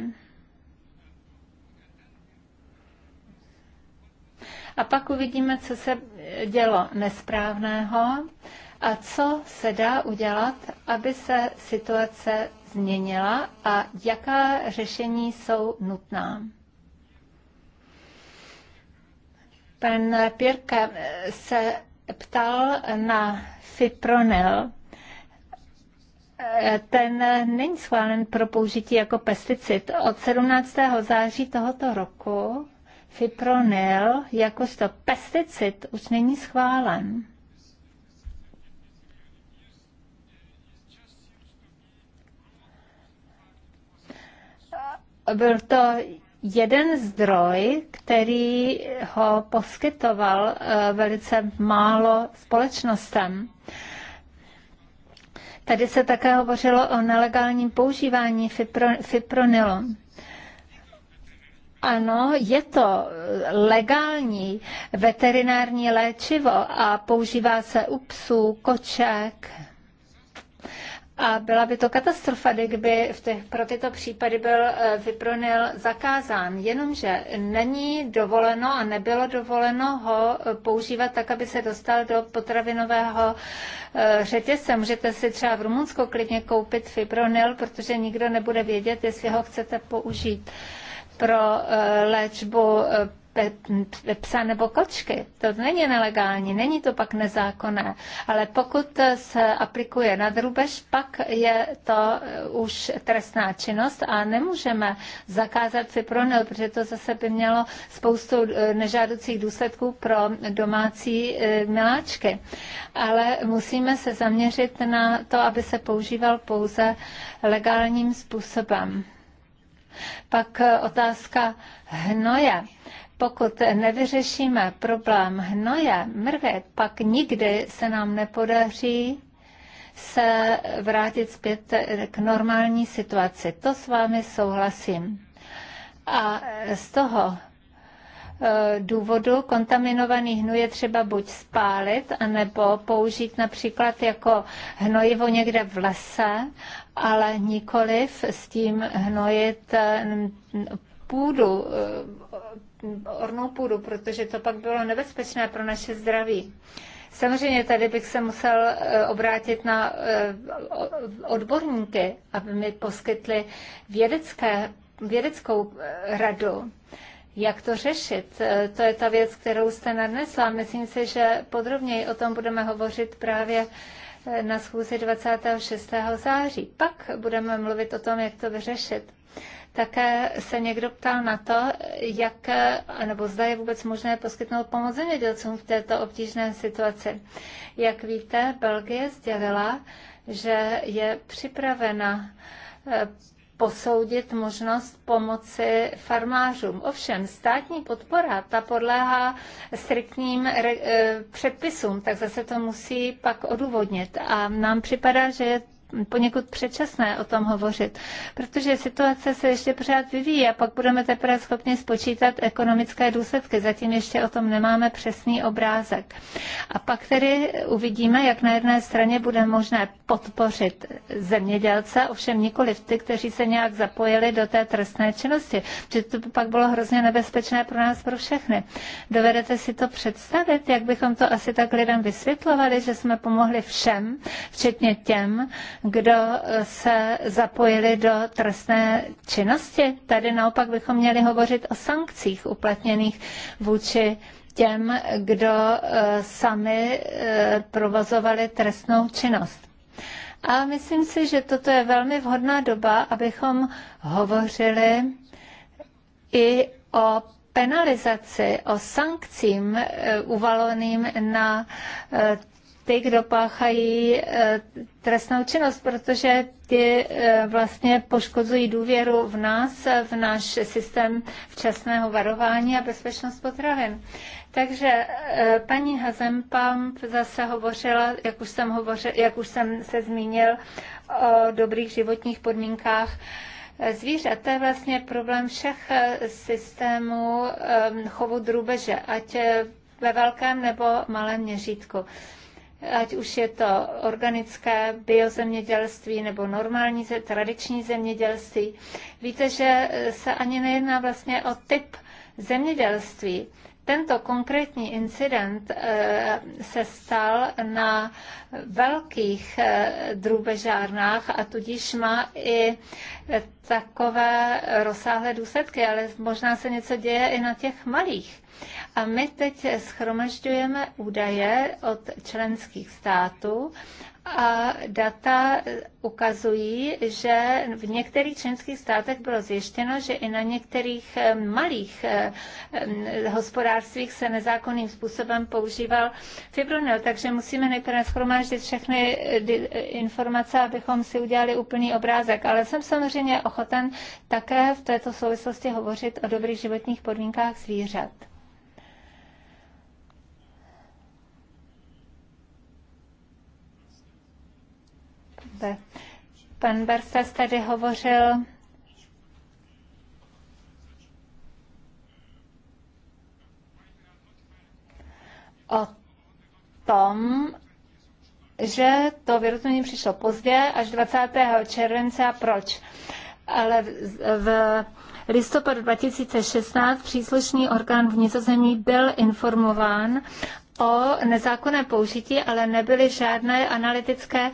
A pak uvidíme, co se dělo nesprávného a co se dá udělat, aby se situace změnila a jaká řešení jsou nutná. Pan Pěrka se ptal na fipronil. Ten není schválen pro použití jako pesticid. Od 17. září tohoto roku fipronil jakožto pesticid už není schválen. byl to jeden zdroj, který ho poskytoval eh, velice málo společnostem. Tady se také hovořilo o nelegálním používání fipronilu. Ano, je to legální veterinární léčivo a používá se u psů, koček, a byla by to katastrofa, kdyby v těch, pro tyto případy byl eh, vypronil zakázán, jenomže není dovoleno a nebylo dovoleno ho eh, používat tak, aby se dostal do potravinového eh, řetězce. Můžete si třeba v Rumunsku klidně koupit fipronil, protože nikdo nebude vědět, jestli ho chcete použít pro léčbu psa nebo kočky. To není nelegální, není to pak nezákonné, ale pokud se aplikuje na drubež, pak je to eh, už trestná činnost a nemůžeme zakázat fipronil, protože to zase by mělo spoustu eh, nežádoucích důsledků pro domácí eh, miláčky. Ale musíme se zaměřit na to, aby se používal pouze legálním způsobem. Pak otázka hnoje. Pokud nevyřešíme problém hnoje, mrvek, pak nikdy se nám nepodaří se vrátit zpět k normální situaci. To s vámi souhlasím. A z toho e, důvodu kontaminovaný hnoj je třeba buď spálit, anebo použít například jako hnojivo někde v lese, ale nikoliv s tím hnojit půdu, eh, ornou půdu, protože to pak bylo nebezpečné pro naše zdraví. Samozřejmě tady bych se musel eh, obrátit na eh, odborníky, aby mi poskytli vědecké, vědeckou radu, jak to řešit. To je ta věc, kterou jste nadnesla. Myslím si, že podrobněji o tom budeme hovořit právě na schůzi 26. září. Pak budeme mluvit o tom, jak to vyřešit. Také se někdo ptal na to, jak, nebo zda je vůbec možné poskytnout pomoc zemědělcům v této obtížné situaci. Jak víte, Belgie sdělila, že je připravena eh, posoudit možnost pomoci farmářům. Ovšem, státní podpora, ta podléhá striktním re, eh, předpisům, tak zase to musí pak odůvodnit. A nám připadá, že je poněkud předčasné o tom hovořit, protože situace se ještě pořád vyvíjí a pak budeme teprve schopni spočítat ekonomické důsledky. Zatím ještě o tom nemáme přesný obrázek. A pak tedy uvidíme, jak na jedné straně bude možné podpořit zemědělce, ovšem nikoli ty, kteří se nějak zapojili do té trestné činnosti, protože to by pak bylo hrozně nebezpečné pro nás, pro všechny. Dovedete si to představit, jak bychom to asi tak lidem vysvětlovali, že jsme pomohli všem, včetně těm, kdo se zapojili do trestné činnosti. Tady naopak bychom měli hovořit o sankcích uplatněných vůči těm, kdo eh, sami eh, provozovali trestnou činnost. A myslím si, že toto je velmi vhodná doba, abychom hovořili i o penalizaci, o sankcím eh, uvaloným na ty, kdo páchají eh, trestnou činnost, protože ty eh, vlastně poškozují důvěru v nás, v náš systém včasného varování a bezpečnost potravin. Takže eh, paní Hazempam zase hovořila, jak už jsem, hovořil, jak už jsem se zmínil, o dobrých životních podmínkách zvířat. To je vlastně problém všech systémů chovu drůbeže, ať ve velkém nebo malém měřítku ať už je to organické biozemědělství nebo normální tradiční zemědělství. Víte, že se ani nejedná vlastně o typ zemědělství. Tento konkrétní incident eh, se stal na velkých eh, drůbežárnách a tudíž má i takové rozsáhlé důsledky, ale možná se něco děje i na těch malých. A my teď schromažďujeme údaje od členských států a data ukazují, že v některých členských státech bylo zjištěno, že i na některých eh, malých eh, eh, hospodářstvích se nezákonným způsobem používal fibronil. Takže musíme nejprve schromáždit všechny informace, abychom si udělali úplný obrázek. Ale jsem samozřejmě ochoten také v této souvislosti hovořit o dobrých životních podmínkách zvířat. lépe. Pan Barstas tady hovořil o tom, že to vyrozumění přišlo pozdě, až 20. července a proč. Ale v, v listopadu 2016 příslušný orgán v Nizozemí byl informován o nezákonné použití, ale nebyly žádné analytické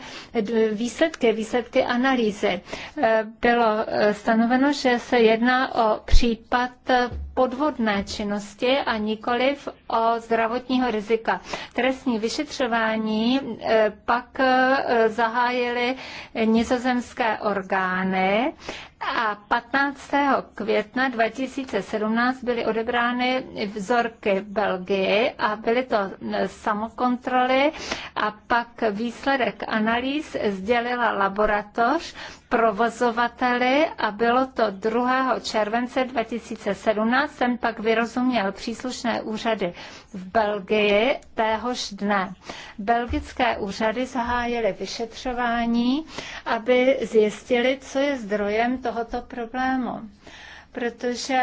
výsledky, výsledky analýzy. E, bylo e, stanoveno, že se jedná o případ podvodné činnosti a nikoliv o zdravotního rizika. Trestní vyšetřování eh, pak eh, zahájily nizozemské orgány a 15. května 2017 byly odebrány vzorky v Belgii a byly to eh, samokontroly a pak výsledek analýz sdělila laboratoř provozovateli a bylo to 2. července 2017. Jsem pak vyrozuměl příslušné úřady v Belgii téhož dne. Belgické úřady zahájily vyšetřování, aby zjistili, co je zdrojem tohoto problému. Protože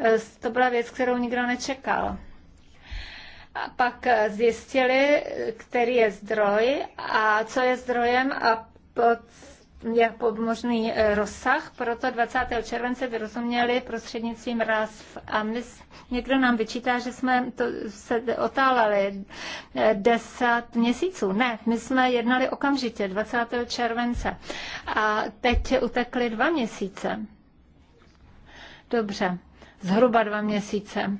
eh, to byla věc, kterou nikdo nečekal a pak eh, zjistili, který je zdroj a co je zdrojem a pod jak možný eh, rozsah, proto 20. července vyrozuměli prostřednictvím RASF a my, někdo nám vyčítá, že jsme to se otáleli 10 eh, měsíců. Ne, my jsme jednali okamžitě 20. července a teď utekly dva měsíce. Dobře, zhruba dva měsíce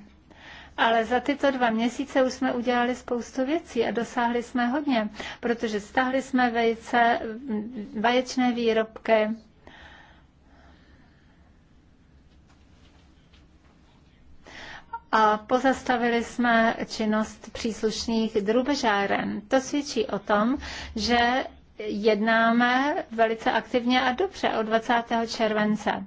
ale za tyto dva měsíce už jsme udělali spoustu věcí a dosáhli jsme hodně, protože stáhli jsme vejce, mm, vaječné výrobky, a pozastavili jsme činnost příslušných drubežáren. To svědčí o tom, že jednáme velice aktivně a dobře od 20. července.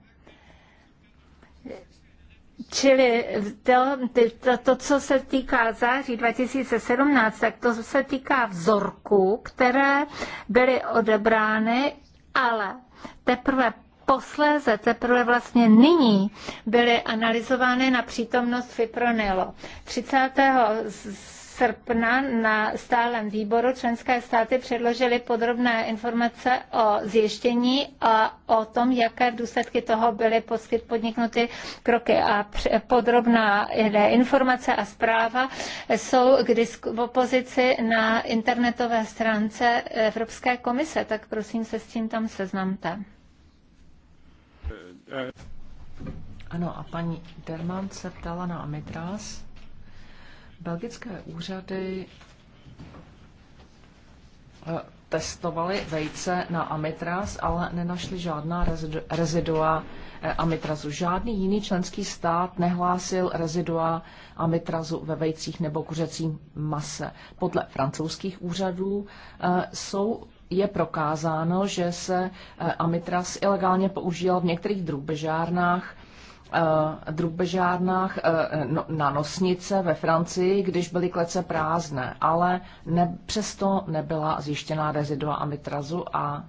Čili to, to, to, co se týká září 2017, tak to se týká vzorků, které byly odebrány, ale teprve posléze, teprve vlastně nyní, byly analyzovány na přítomnost fipronilu. 30 srpna na stálem výboru členské státy předložily podrobné informace o zjištění a o tom, jaké v důsledky toho byly poskyt podniknuty kroky. A podrobná informace a zpráva jsou k v opozici na internetové stránce Evropské komise, tak prosím se s tím tam seznamte. Ano, a paní Derman se ptala na Amitras. Belgické úřady eh, testovali vejce na amitraz, ale nenašli žádná rezidua eh, amitrazu. Žádný jiný členský stát nehlásil rezidua amitrazu ve vejcích nebo kuřecím mase. Podle francouzských úřadů eh, jsou je prokázáno, že se amitras ilegálně používal v některých drůbežárnách Eh, drubežárnách eh, no, na nosnice ve Francii, když byly klece prázdné, ale ne, přesto nebyla zjištěná rezidua amitrazu a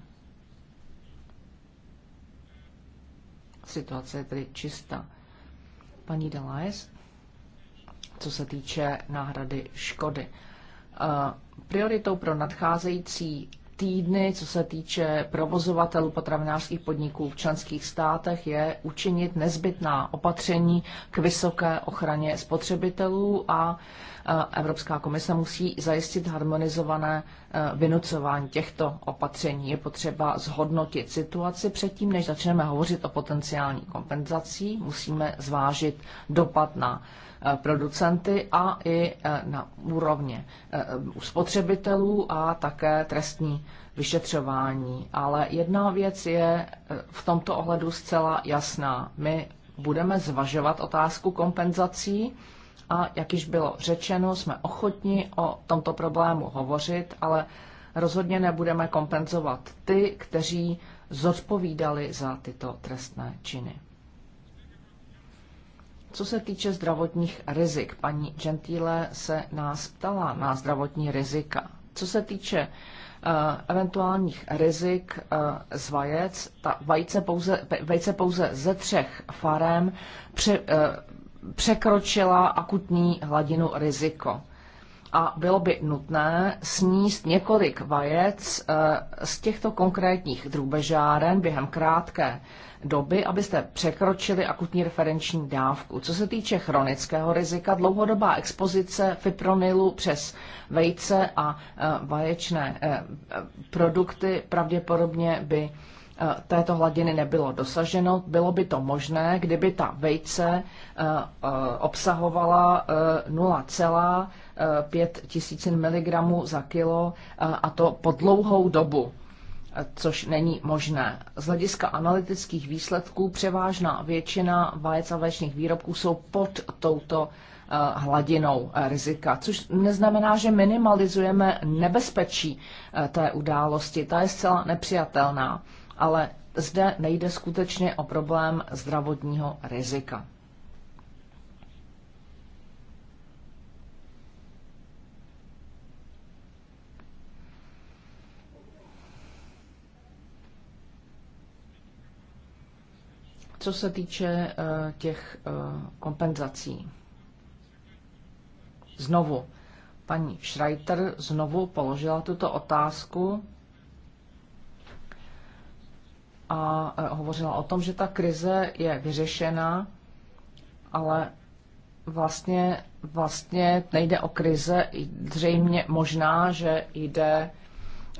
situace je tedy čistá. Paní Delajs, co se týče náhrady škody. Eh, prioritou pro nadcházející týdny, co se týče provozovatelů potravinářských podniků v členských státech, je učinit nezbytná opatření k vysoké ochraně spotřebitelů a Evropská komise musí zajistit harmonizované e, vynucování těchto opatření. Je potřeba zhodnotit situaci předtím, než začneme hovořit o potenciální kompenzací. Musíme zvážit dopad na e, producenty a i e, na úrovně spotřebitelů a také trestní vyšetřování. Ale jedna věc je v tomto ohledu zcela jasná. My budeme zvažovat otázku kompenzací a jak již bylo řečeno, jsme ochotní o tomto problému hovořit, ale rozhodně nebudeme kompenzovat ty, kteří zodpovídali za tyto trestné činy. Co se týče zdravotních rizik, paní Gentile se nás ptala na zdravotní rizika. Co se týče eh, eventuálních rizik eh, z vajec, ta vajce pouze, vejce pouze ze třech farem při, eh, překročila akutní hladinu riziko. A bylo by nutné sníst několik vajec eh, z těchto konkrétních drůbežáren během krátké doby, abyste překročili akutní referenční dávku. Co se týče chronického rizika, dlouhodobá expozice fipronilu přes vejce a eh, vaječné eh, produkty pravděpodobně by Eh, této hladiny nebylo dosaženo. Bylo by to možné, kdyby ta vejce eh, eh, obsahovala 0,5 tisícin mg za kilo a to po dlouhou dobu což není možné. Z hlediska analytických výsledků převážná většina vajec a vaječných výrobků jsou pod touto hladinou rizika, což neznamená, že minimalizujeme nebezpečí té události. Ta je zcela nepřijatelná ale zde nejde skutečně o problém zdravotního rizika. Co se týče eh, těch eh, kompenzací, znovu paní Schreiter znovu položila tuto otázku a e, hovořila o tom, že ta krize je vyřešena, ale vlastně, vlastně nejde o krize, zřejmě možná, že jde,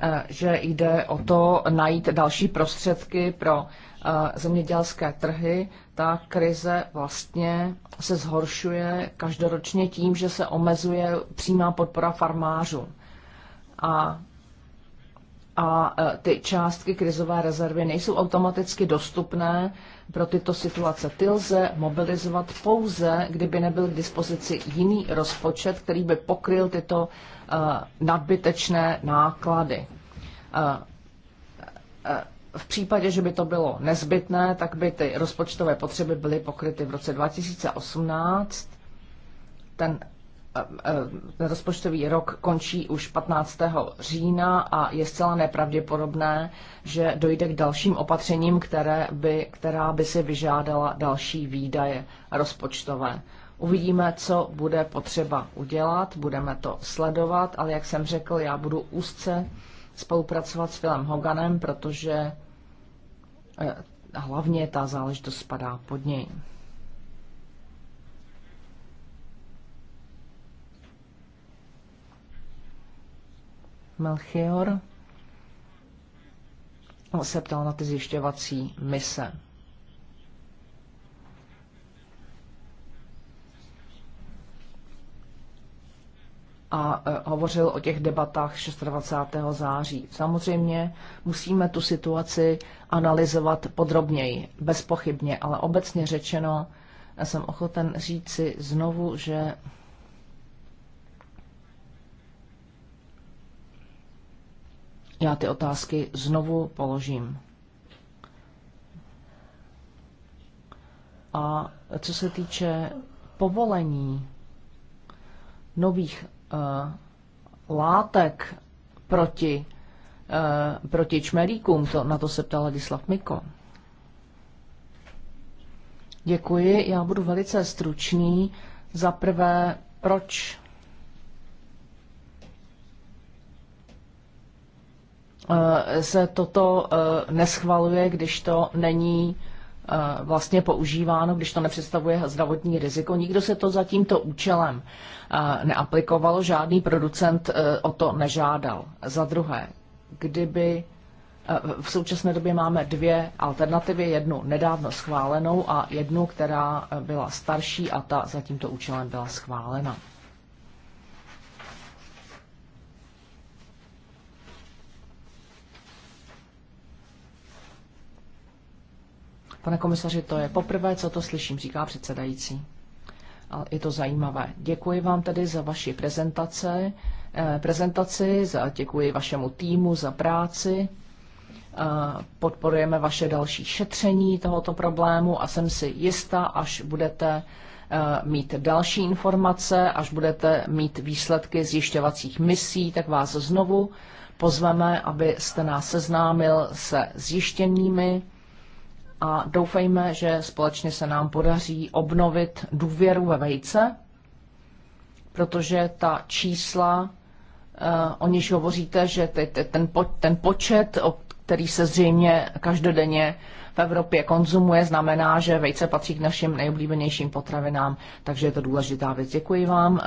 e, že jde o to najít další prostředky pro e, zemědělské trhy. Ta krize vlastně se zhoršuje každoročně tím, že se omezuje přímá podpora farmářů. A a e, ty částky krizové rezervy nejsou automaticky dostupné pro tyto situace. Ty lze mobilizovat pouze, kdyby nebyl k dispozici jiný rozpočet, který by pokryl tyto e, nadbytečné náklady. E, v případě, že by to bylo nezbytné, tak by ty rozpočtové potřeby byly pokryty v roce 2018. Ten Eh, eh, rozpočtový rok končí už 15. října a je zcela nepravděpodobné, že dojde k dalším opatřením, které by, která by si vyžádala další výdaje rozpočtové. Uvidíme, co bude potřeba udělat, budeme to sledovat, ale jak jsem řekl, já budu úzce spolupracovat s Filem Hoganem, protože eh, hlavně ta záležitost spadá pod něj. Melchior se ptal na ty zjišťovací mise. a e, hovořil o těch debatách 26. září. Samozřejmě musíme tu situaci analyzovat podrobněji, bezpochybně, ale obecně řečeno jsem ochoten říci znovu, že Já ty otázky znovu položím. A co se týče povolení nových uh, látek proti, uh, proti čmelíkům, to, na to se ptal Ladislav Miko. Děkuji, já budu velice stručný. Za prvé, proč Eh, se toto eh, neschvaluje, když to není eh, vlastně používáno, když to nepředstavuje zdravotní riziko. Nikdo se to za tímto účelem neaplikovalo, žádný producent o to nežádal. Za druhé, kdyby v současné době máme dvě alternativy, jednu nedávno schválenou a jednu, která byla starší a ta za tímto účelem byla schválena. Pane komisaři, to je poprvé, co to slyším, říká předsedající. A je to zajímavé. Děkuji vám tedy za vaši prezentace, eh, prezentaci, za, děkuji vašemu týmu za práci. Eh, podporujeme vaše další šetření tohoto problému a jsem si jistá, až budete eh, mít další informace, až budete mít výsledky zjišťovacích misí, tak vás znovu pozveme, abyste nás seznámil se zjištěními a doufejme, že společně se nám podaří obnovit důvěru ve vejce, protože ta čísla, eh, o níž hovoříte, že ten, počet, který se zřejmě každodenně v Evropě konzumuje, znamená, že vejce patří k našim nejoblíbenějším potravinám, takže je to důležitá věc. Děkuji vám. Eh,